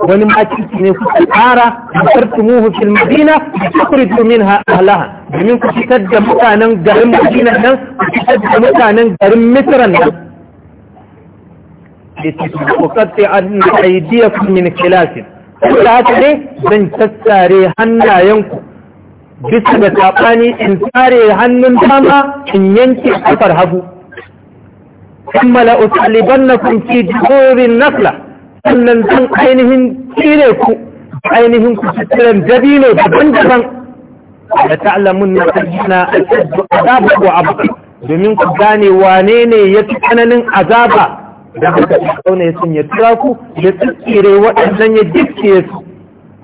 A: wani makirci ne kuka tsara makartumuhu fil madina tukhriju minha ahlaha domin ku fitar da mutanen garin Madina nan ku fitar da mutanen garin Misra nan لتقطع عن أيديكم من خلاف saboda haka ne zan tattare hannayenku bisa da saɓani in sare hannun dama in yanke kafar hagu kammala utaliban na kunci jihorin nafla sannan zan ainihin tsire ku ainihin ku tsiren dabino daban-daban da ta'alamun na tsarkina a tsaddu azaba ko abu domin ku gane wane ne ya fi tsananin azaba da haka kauna ya sanya turaku da tsire waɗannan ya jikke su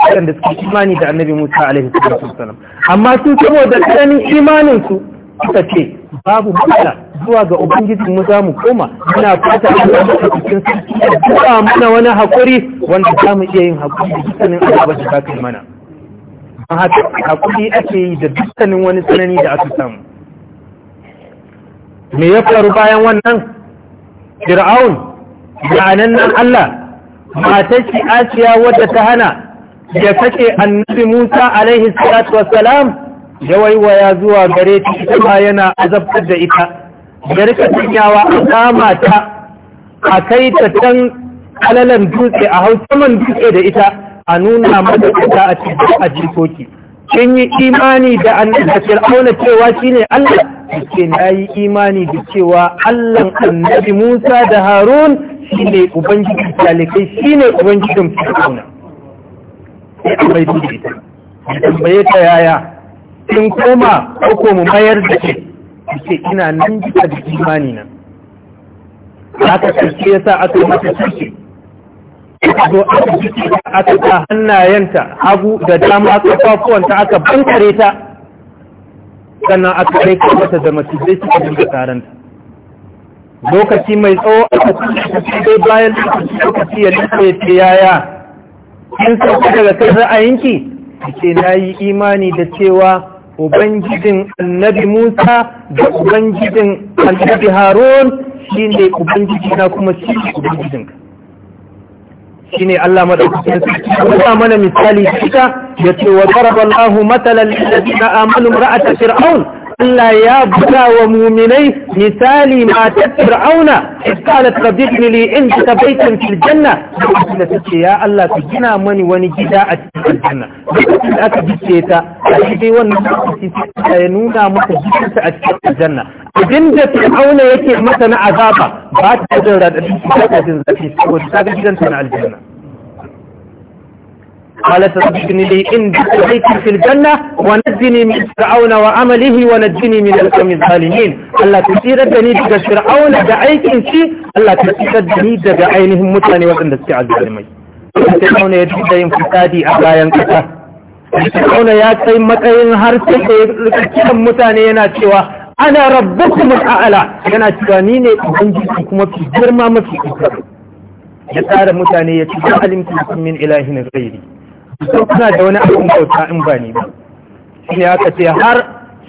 A: waɗanda suke imani da annabi musa alaihi wasallam amma su saboda tsananin imanin su suka ce babu matsala zuwa ga ubangiji mu za mu koma muna fata a wata cikin sarki da zuwa mana wani hakuri wanda za mu iya yin hakuri da dukkanin abubuwan da za mana don haka hakuri ake yi da dukkanin wani tsanani da aka samu me ya faru bayan wannan fir'aun ma'anan nan Allah mata shi asiya wadda ta hana ya kashe annabi musa alaihi salatu wassalam ya waiwaya zuwa gare ta ita yana azabtar da ita ya rika tunyawa a kama ta a kai ta can alalan dutse a hau saman dutse da ita a nuna mata ita a cikin a jikoki kin yi imani da annabi fir'auna cewa shine Allah ce yi imani da cewa Allah annabi Musa da Harun shine ubangijin talikai shine ubangijin fir'auna sai bai da ta tambaye ta yaya in koma ko mu mayar da ke ce ina nan jika da imani nan haka sai yasa aka yi mata ciki zo aka ta hannayenta hagu da dama kafafuwanta aka bankare ta sannan aka kai mata da zai suka dinga taranta lokaci mai tsawo aka tsaye dai bayan lokaci lokaci ya nufe ce yaya in sauka daga kan ra'ayinki ce na yi imani da cewa ubangijin annabi musa da ubangijin annabi harun shi ne ubangijina kuma shi ne ubangijinka shine Allah madaukakin sarki ya mana misali ita yace wa daraballahu matalan lil ladina amanu ra'ata fir'aun Allah ya buga wa muminai misali matar fir'auna qalat rabbi ibn li indaka baytan fil janna da tace ya Allah ka gina mani wani gida a cikin janna da aka bice ta a dai wannan sai ya nuna mata gidansa a cikin janna abin da fir'auna yake masa na azaba ba ta jin radadi ta cikin zafi saboda ta ga gidanta na aljanna قالت رب ابن لي عندك بيتا في الجنة ونجني من فرعون وعمله ونجني من القوم الظالمين الله تسير دني دغ فرعون دا aikin shi Allah ta tsira dani daga ainihin mutane waɗanda suke azzalumai fir'aun ya dinga yin fasadi a bayan kasa fir'aun ya kai matsayin har da mutane yana cewa ana rabbukum al'ala yana cewa ni ne ubangiji kuma fi girma mafi kusa ya tsara mutane ya ci alimtu min ilahin ghairi sun suna da wani abin bauta in ba ne ba shi ne aka ce har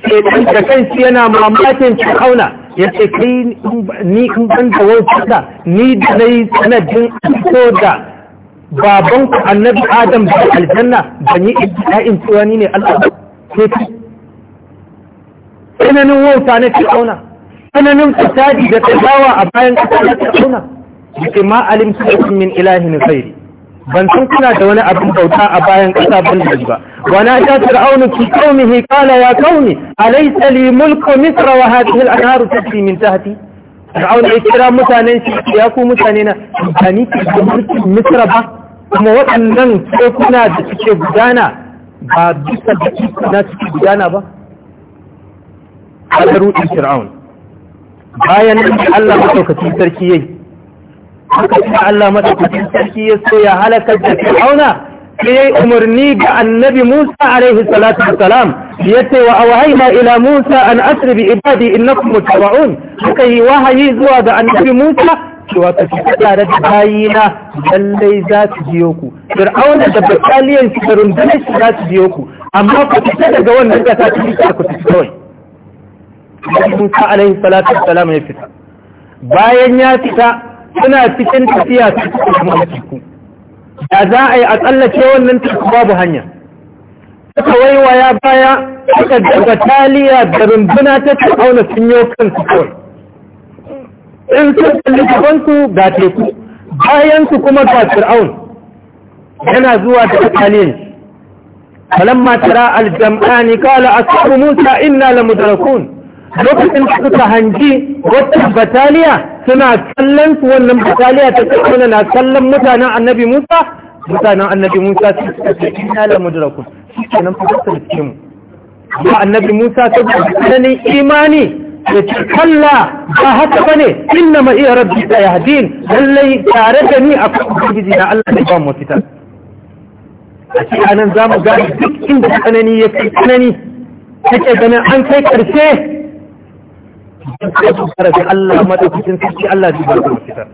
A: sai ɗan da kansu yana mamakin kauna ya ce kai ni in ban da wauta ni da na yi sanadin ko da baban ku annabi adam da aljanna ban yi ibta'in cewa ni ne Allah ke ta tsananin wauta na fir'auna tsananin fasadi da tazawa a bayan ƙasa na fir'auna yake ma alimtu min ilahin ghairi ban san kuna da wani abin bauta a bayan ƙasa ban da ba wa na ja fir'aunu fi qaumihi qala ya qaumi alaysa li mulku misra wa hadhihi al-anharu tajri min tahti fir'aunu ya kira mutanen shi ya ku mutane na ba ni ke da misra ba kuma waɗannan kuna da suke gudana ba bisa da na suke gudana ba a rudin fir'aun bayan Allah ya maɗaukacin sarki yai. haka kuma Allah madaukakin sarki ya so ya halakar da fir'auna sai umarni ga annabi Musa alaihi salatu wassalam yace wa awhayna ila Musa an asri bi ibadi innakum mutawa'un haka yi wahayi zuwa ga annabi Musa cewa ka ci tare da bayina lallai za su biyo ku fir'auna da bataliyan shi da rundunar shi za su biyo ku amma ku fita daga wannan kasa ku fita ku fita kawai Musa alaihi salatu wassalam ya fita bayan ya fita suna cikin tafiya ta cikin malakiku da za a yi a tsallake wannan tafi babu hanya suka waiwaya baya suka daga taliya da rumbuna ta auna sun yi su kawai in sun kalli gabansu ga teku su kuma ga fir'aun yana zuwa da taliyan kalan matara aljam'ani qala ashabu musa inna lamudarakun lokacin da suka hanji wata bataliya suna kallon su wannan bataliya ta kakkana na kallon mutanen annabi musa mutanen annabi musa su suka ce ina la mudrakun shi ke nan fasar ce mu
B: ba annabi musa ta tsananin
A: imani ya ce kalla ba haka ba ne inna ma iya rabbi da yahdin lallai tare da ni a kan ubangiji na allah da ba mu fitar a ce anan za mu gane duk inda tsanani ya kai tsanani take ganin an kai karshe Allah madaukakin sarki Allah ji ba ku fitar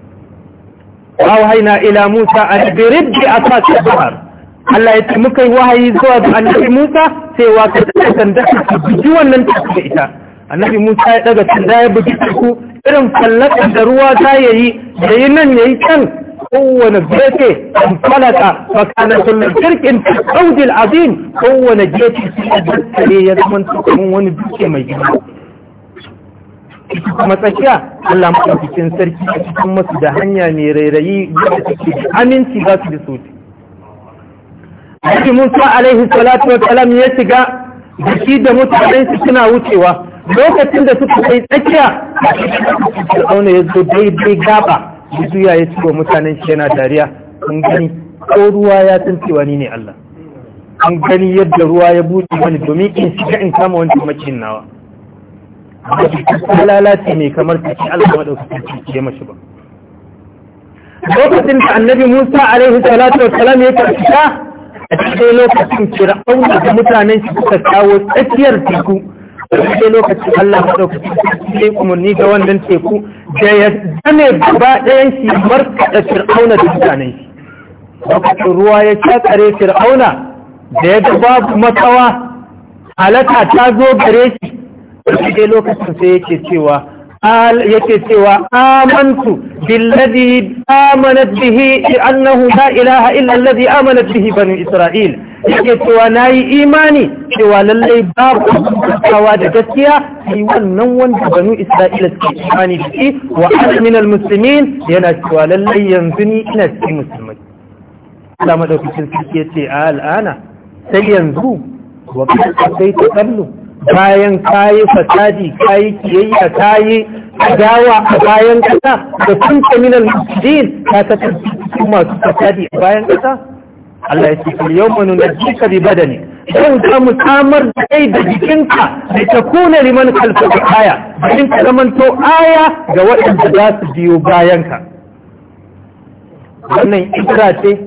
A: وأوهينا إلى موسى أن برد عصاك البحر Allah ya ce muka yi wahayi zuwa ga annabi Musa sai wa ka da sanda ka biji wannan tafi da ita annabi Musa ya daga sanda ya bugi ku irin fallaka da ruwa ta yayi da yi nan yayi kan kowane gefe an falaka fa kana kullu shirkin saudil azim kowane gefe sai da ya zama wani duke mai girma Matsakiya kuma tsakiya Allah maɗaukakin sarki a cikin masu da hanya mai rairayi da take da aminci ba su da soci. Hajji Musa alaihi salatu wa salam ya shiga da shi da mutanen su suna wucewa lokacin da suka kai tsakiya Fir'auna ya zo daidai gaba da zuya ya ciwo mutanen shi yana dariya kun gani ko ruwa ya tsincewa ni ne Allah an gani yadda ruwa ya buɗe mani domin in shiga in kama wancan makin nawa ba ta lalace ne kamar ta ce Allah madaukakin sarki ya mashi ba lokacin da annabi Musa alaihi salatu wa salam ya karkata a cikin lokacin fir'auna da mutanen shi suka kawo tsakiyar teku a cikin lokacin Allah madaukakin sarki ya umarni ga wannan teku da ya zame gaba ɗayan shi markaɗa fir'auna da mutanen shi lokacin ruwa ya shakare fir'auna da ya ga babu makawa halaka ta zo gare shi dai lokacin sai yake cewa yake cewa amantu billadhi amanat bihi annahu la ilaha illa alladhi amanat bihi banu isra'il yake cewa nayi imani cewa lallai babu kawa da gaskiya sai wannan wanda banu isra'ila suke imani da shi wa ana min almuslimin yana cewa lallai yanzu ni ina cikin musulmai Allah madaukakin sarki yace a al'ana sai yanzu wa kai ta kallu bayan kayi fasadi kayi kiyayya kayi dawa a bayan kasa da kun kaminal masjidin ka su masu fasadi a bayan kasa Allah ya ce manu na jika bi ne. dan ka mu samar da kai da jikinka da ta kuna liman da aya jikin ka zamanto aya ga waɗanda za su biyo bayan ka wannan ikra ce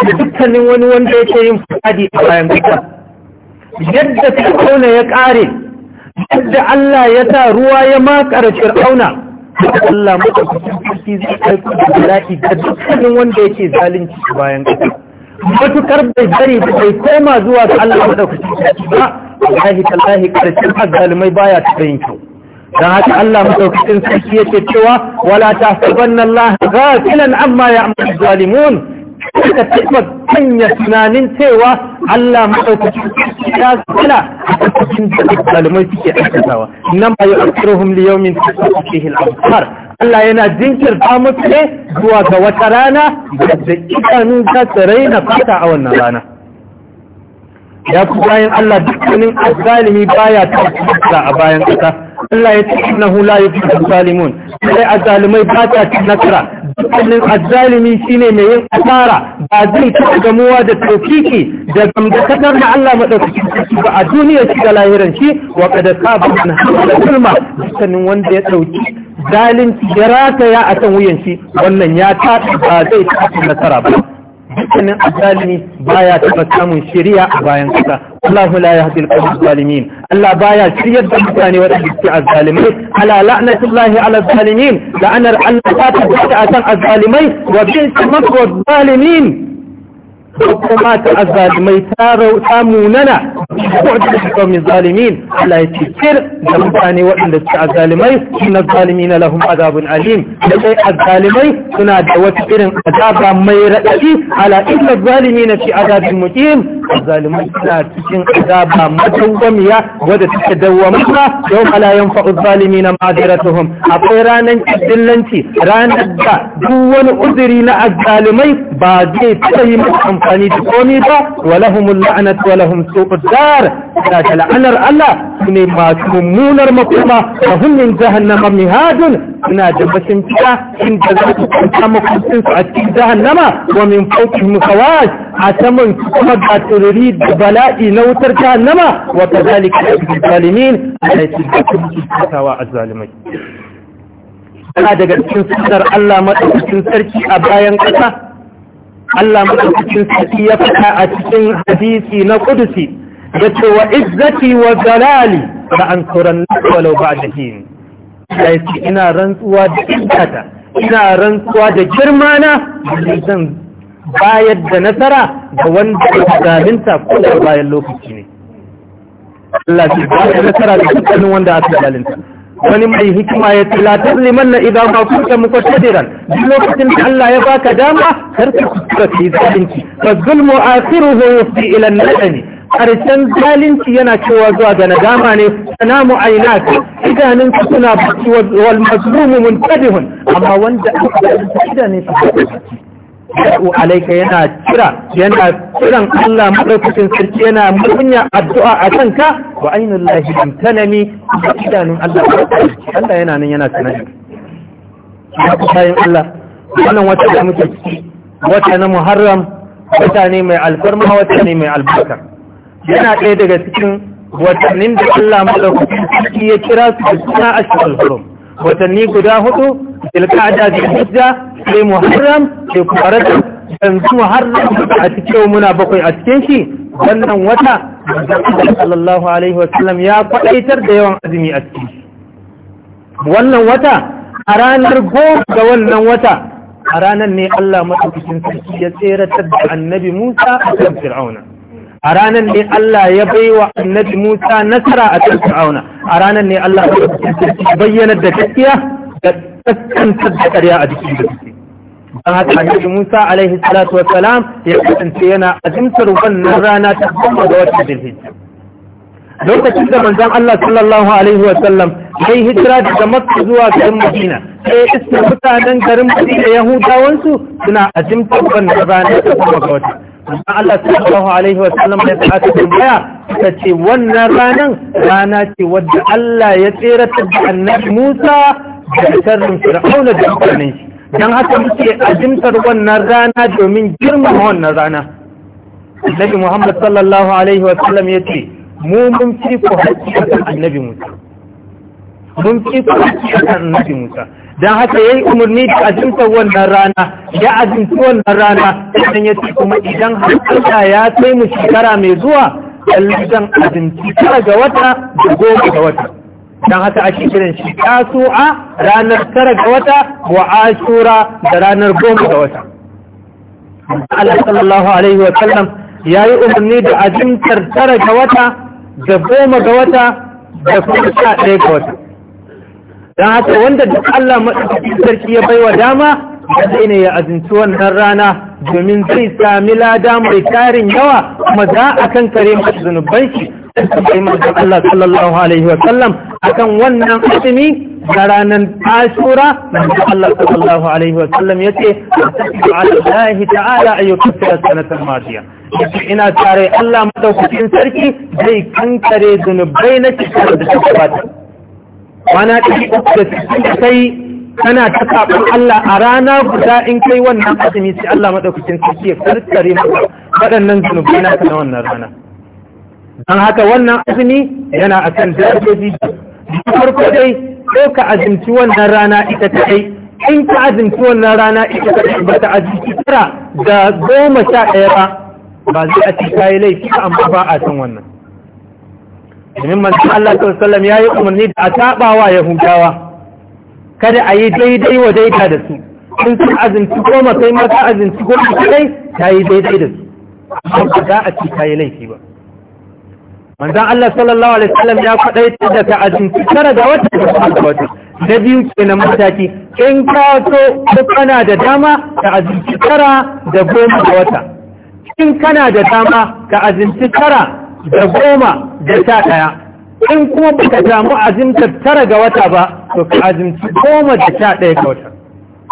A: da dukkanin wani wanda yake yin fasadi a bayan kasa yadda fir'auna ya ƙare yadda Allah ya ta ruwa ya makara fir'auna Allah maɗaukacin sarki zai aiko da bala'i ga dukkanin wanda yake zalunci bayan ƙasa matukar bai bari bai koma zuwa ga Allah maɗaukacin sarki ba wallahi tallahi ƙarshen azzalumai baya ta yin kyau Da haka Allah maɗaukacin sarki yake cewa wala tahsabanna Allah ghafilan amma ya'malu zalimun suka taɓa sanya tunanin cewa Allah maɗaukacin ya tsala a cikin da suke aikatawa nan ba yau Allah yana jinkirta musu ne zuwa ga wata rana da idanu za su raina fata a wannan rana ya fi bayan Allah dukkanin azalimi baya ta tsara a bayan ƙasa Allah ya ce innahu la yuflihu zalimun sai azalimai ba ta nasara alin azzalimi shine mai yin asara ba zai ta gamuwa da tofiki da gamdakatar da Allah maɗaukacin sarki ba a duniya shi da lahiran shi wa kada saba na da kulma dukkanin wanda ya ɗauki zalunci ya rataya a kan wuyan shi wannan ya taɓa ba zai taɓa nasara ba dukkanin azalimi baya taɓa samun shiriya a bayan kasa Allahu la yahdi al-qawm zalimin Allah baya shiryar da mutane waɗanda suke azzalimai ala la'natullahi ala zalimin la'anar Allah ta tabbata akan azzalimai wa bi'sa maswa zalimin ko kuma ta azalimai ta munana ko a cikin kwa min zalimin Allah ya cikin da mutane waɗanda suka azalimai suna zalimi na lahun azabun alim da kai azalimai suna da wata irin azaba mai raɗaɗi ala inna zalimi na fi azabin muƙim azalimai suna cikin azaba madawwamiya wadda take dawwamuka yau ala yan fa'u zalimi na ma'adiratuhum akwai ranar kiddillanci ranar da duk wani uzuri na azalimai ba zai taɓa amfani da komi ba walahumul la'nat walahum su'ud dar da la'anar Allah ne masu mummunar makoma da hunnin jahannama mihadun suna da bashin fita inda za su kwanta makwabcin su a cikin jahannama wa min fawqihim khawash a saman kuma da tururi da bala'i na wutar jahannama wa kadhalika yajzi zalimin alati da kuma kitawa azzalimai ana daga cikin sunar Allah madaukakin sarki a bayan kasa Allah madaukakin sarki ya faɗa a cikin hadisi na kudusi da cewa izzati wa jalali da an turan walau ba'da hin sai ina rantsuwa da izzata ina rantsuwa da girma na zan bayar da nasara ga wanda ya zalunta ko da bayan lokaci ne Allah ya ba da nasara ga dukkanin wanda aka zalunta wani mai hikima ya ce la na idan ba ku ta muqtadiran duk lokacin da Allah ya baka dama kar ka kuskura ki zalunci fa zulmu akhiruhu yufi ila nadami karshen zalunci yana cewa zuwa ga nadama ne sanamu ainaka idanun su suna bacci wal mazlumu muntadihun amma wanda aka da idanun su yad'u alaika yana kira yana kiran Allah madaukakin sarki yana murmunya addu'a a kanka wa ainul lahi tanami idanun Allah Allah yana nan yana tunani bayan Allah wannan wata da muke ciki wata na Muharram wata ne mai alfarma wata ne mai albarka yana ɗaya daga cikin watannin da Allah madaukakin sarki ya kira su da suna ashhurul hurum watanni guda hudu tilkada da hijja sai muharram sai kuma yanzu muharram a cikin muna bakwai a cikin shi wannan wata sallallahu alaihi wasallam ya kwadaitar da yawan azumi a cikin wannan wata a ranar goma ga wannan wata a ranar ne Allah madaukakin sarki ya tseratar da annabi Musa a kan Fir'auna a ranar ne Allah ya bai wa annabi Musa nasara a cikin Fir'auna a ranar ne Allah ya bayyana da gaskiya da kaskantar da ƙarya a cikin gaskiya don haka annabi Musa alaihi salatu wassalam ya kasance yana azimtar wannan rana ta goma ga watan Zulhijja lokacin da manzon Allah sallallahu alaihi wa wasallam sai hijira daga Makka zuwa garin Madina sai iska mutanen garin Madina Yahudawansu suna azimtar wannan rana ta goma ga watan Allah sallallahu alaihi wa sallam ya ta ta tambaya ta ce wannan ranan rana ce wadda Allah ya tsira ta da annabi Musa da sharrin Fir'auna da mutanen shi dan haka muke azimtar wannan rana domin girmama wannan rana Annabi Muhammad sallallahu alaihi wa sallam ya ce mu mun fi ku hakki annabi Musa mun fi ku hakki annabi Musa don haka ya yi umarni da azimta wannan rana ya azimta wannan rana idan ya ce kuma idan har ya kai mu shekara mai zuwa lallai zan azimci tara ga wata da goma ga wata don haka ake kiran shi a ranar tara ga wata wa ashura da ranar goma ga wata Allah sallallahu alaihi wa sallam ya yi umarni da azimtar tara ga wata da goma ga wata da kuma sha ɗaya ga wata don haka wanda duk Allah maɗaukakin sarki ya baiwa dama zai ne ya azinci wannan rana domin zai sami lada mai tarin yawa kuma za a kan kare masu zunuban shi sai manzon Allah sallallahu alaihi wa sallam akan wannan azumi da ranar Ashura manzon Allah sallallahu alaihi wa sallam yace Allah ta'ala ayyuka sanatar madiya ina tare Allah madaukakin sarki zai kankare zunubai na cikin da ta gabata kwana ɗari uku da sittin da kai kana ta saɓon Allah a rana guda in kai wannan azumi sai Allah maɗaukacin sarki ya karkare maka waɗannan zunubai na na wannan rana don haka wannan azumi yana a kan darajoji da farko dai ko ka azumci wannan rana ita ta kai in ka azumci wannan rana ita ta kai ba ta azumci tara da goma sha ɗaya ba ba zai a ci kayi laifi amma ba a san wannan domin manzan Allah sallam ya yi umarni da a taɓawa yahudawa kada a yi daidai wa daida da su sun sun azinci goma kai mata azinci goma kai ta yi daidai da su amma ba a ci ta yi laifi ba manzan Allah sallallahu alaihi wasallam ya faɗai da ta azinci tara da wata da kuma da wata da biyu kenan mataki in ka so ko kana da dama ta azinci tara da goma da wata in kana da dama ka azinci tara da goma da sha ɗaya in kuma baka samu azimtar tara ga wata ba to ka azimci goma da sha ɗaya ga wata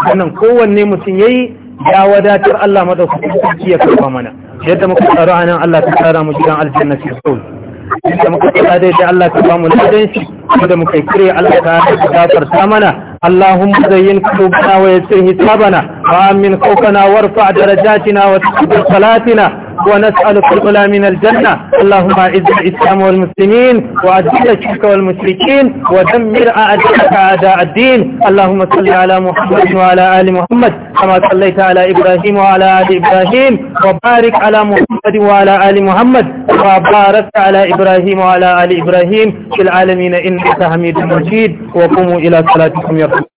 A: wannan kowanne mutum yayi ya wadatar Allah madaukakin ya karɓa mana yadda muka tsaro a nan Allah ta tsara mu gidan aljanna fi sauri yadda muka tsara dai da Allah ta ba mu ladan shi da muka kire Allah ta gafarta mana Allahumma zayyin qulubana wa yassir hisabana wa amin khawfana warfa' darajatana wa taqabbal ونسألك العلا من الجنة اللهم أعز الإسلام والمسلمين وأذل الشرك والمشركين ودمر أعداءك أعداء الدين اللهم صل على محمد وعلى آل محمد كما صليت على إبراهيم وعلى آل إبراهيم وبارك على محمد وعلى آل محمد وباركت على إبراهيم وعلى آل إبراهيم في العالمين إنك حميد مجيد وقوموا إلى صلاتكم يرحمكم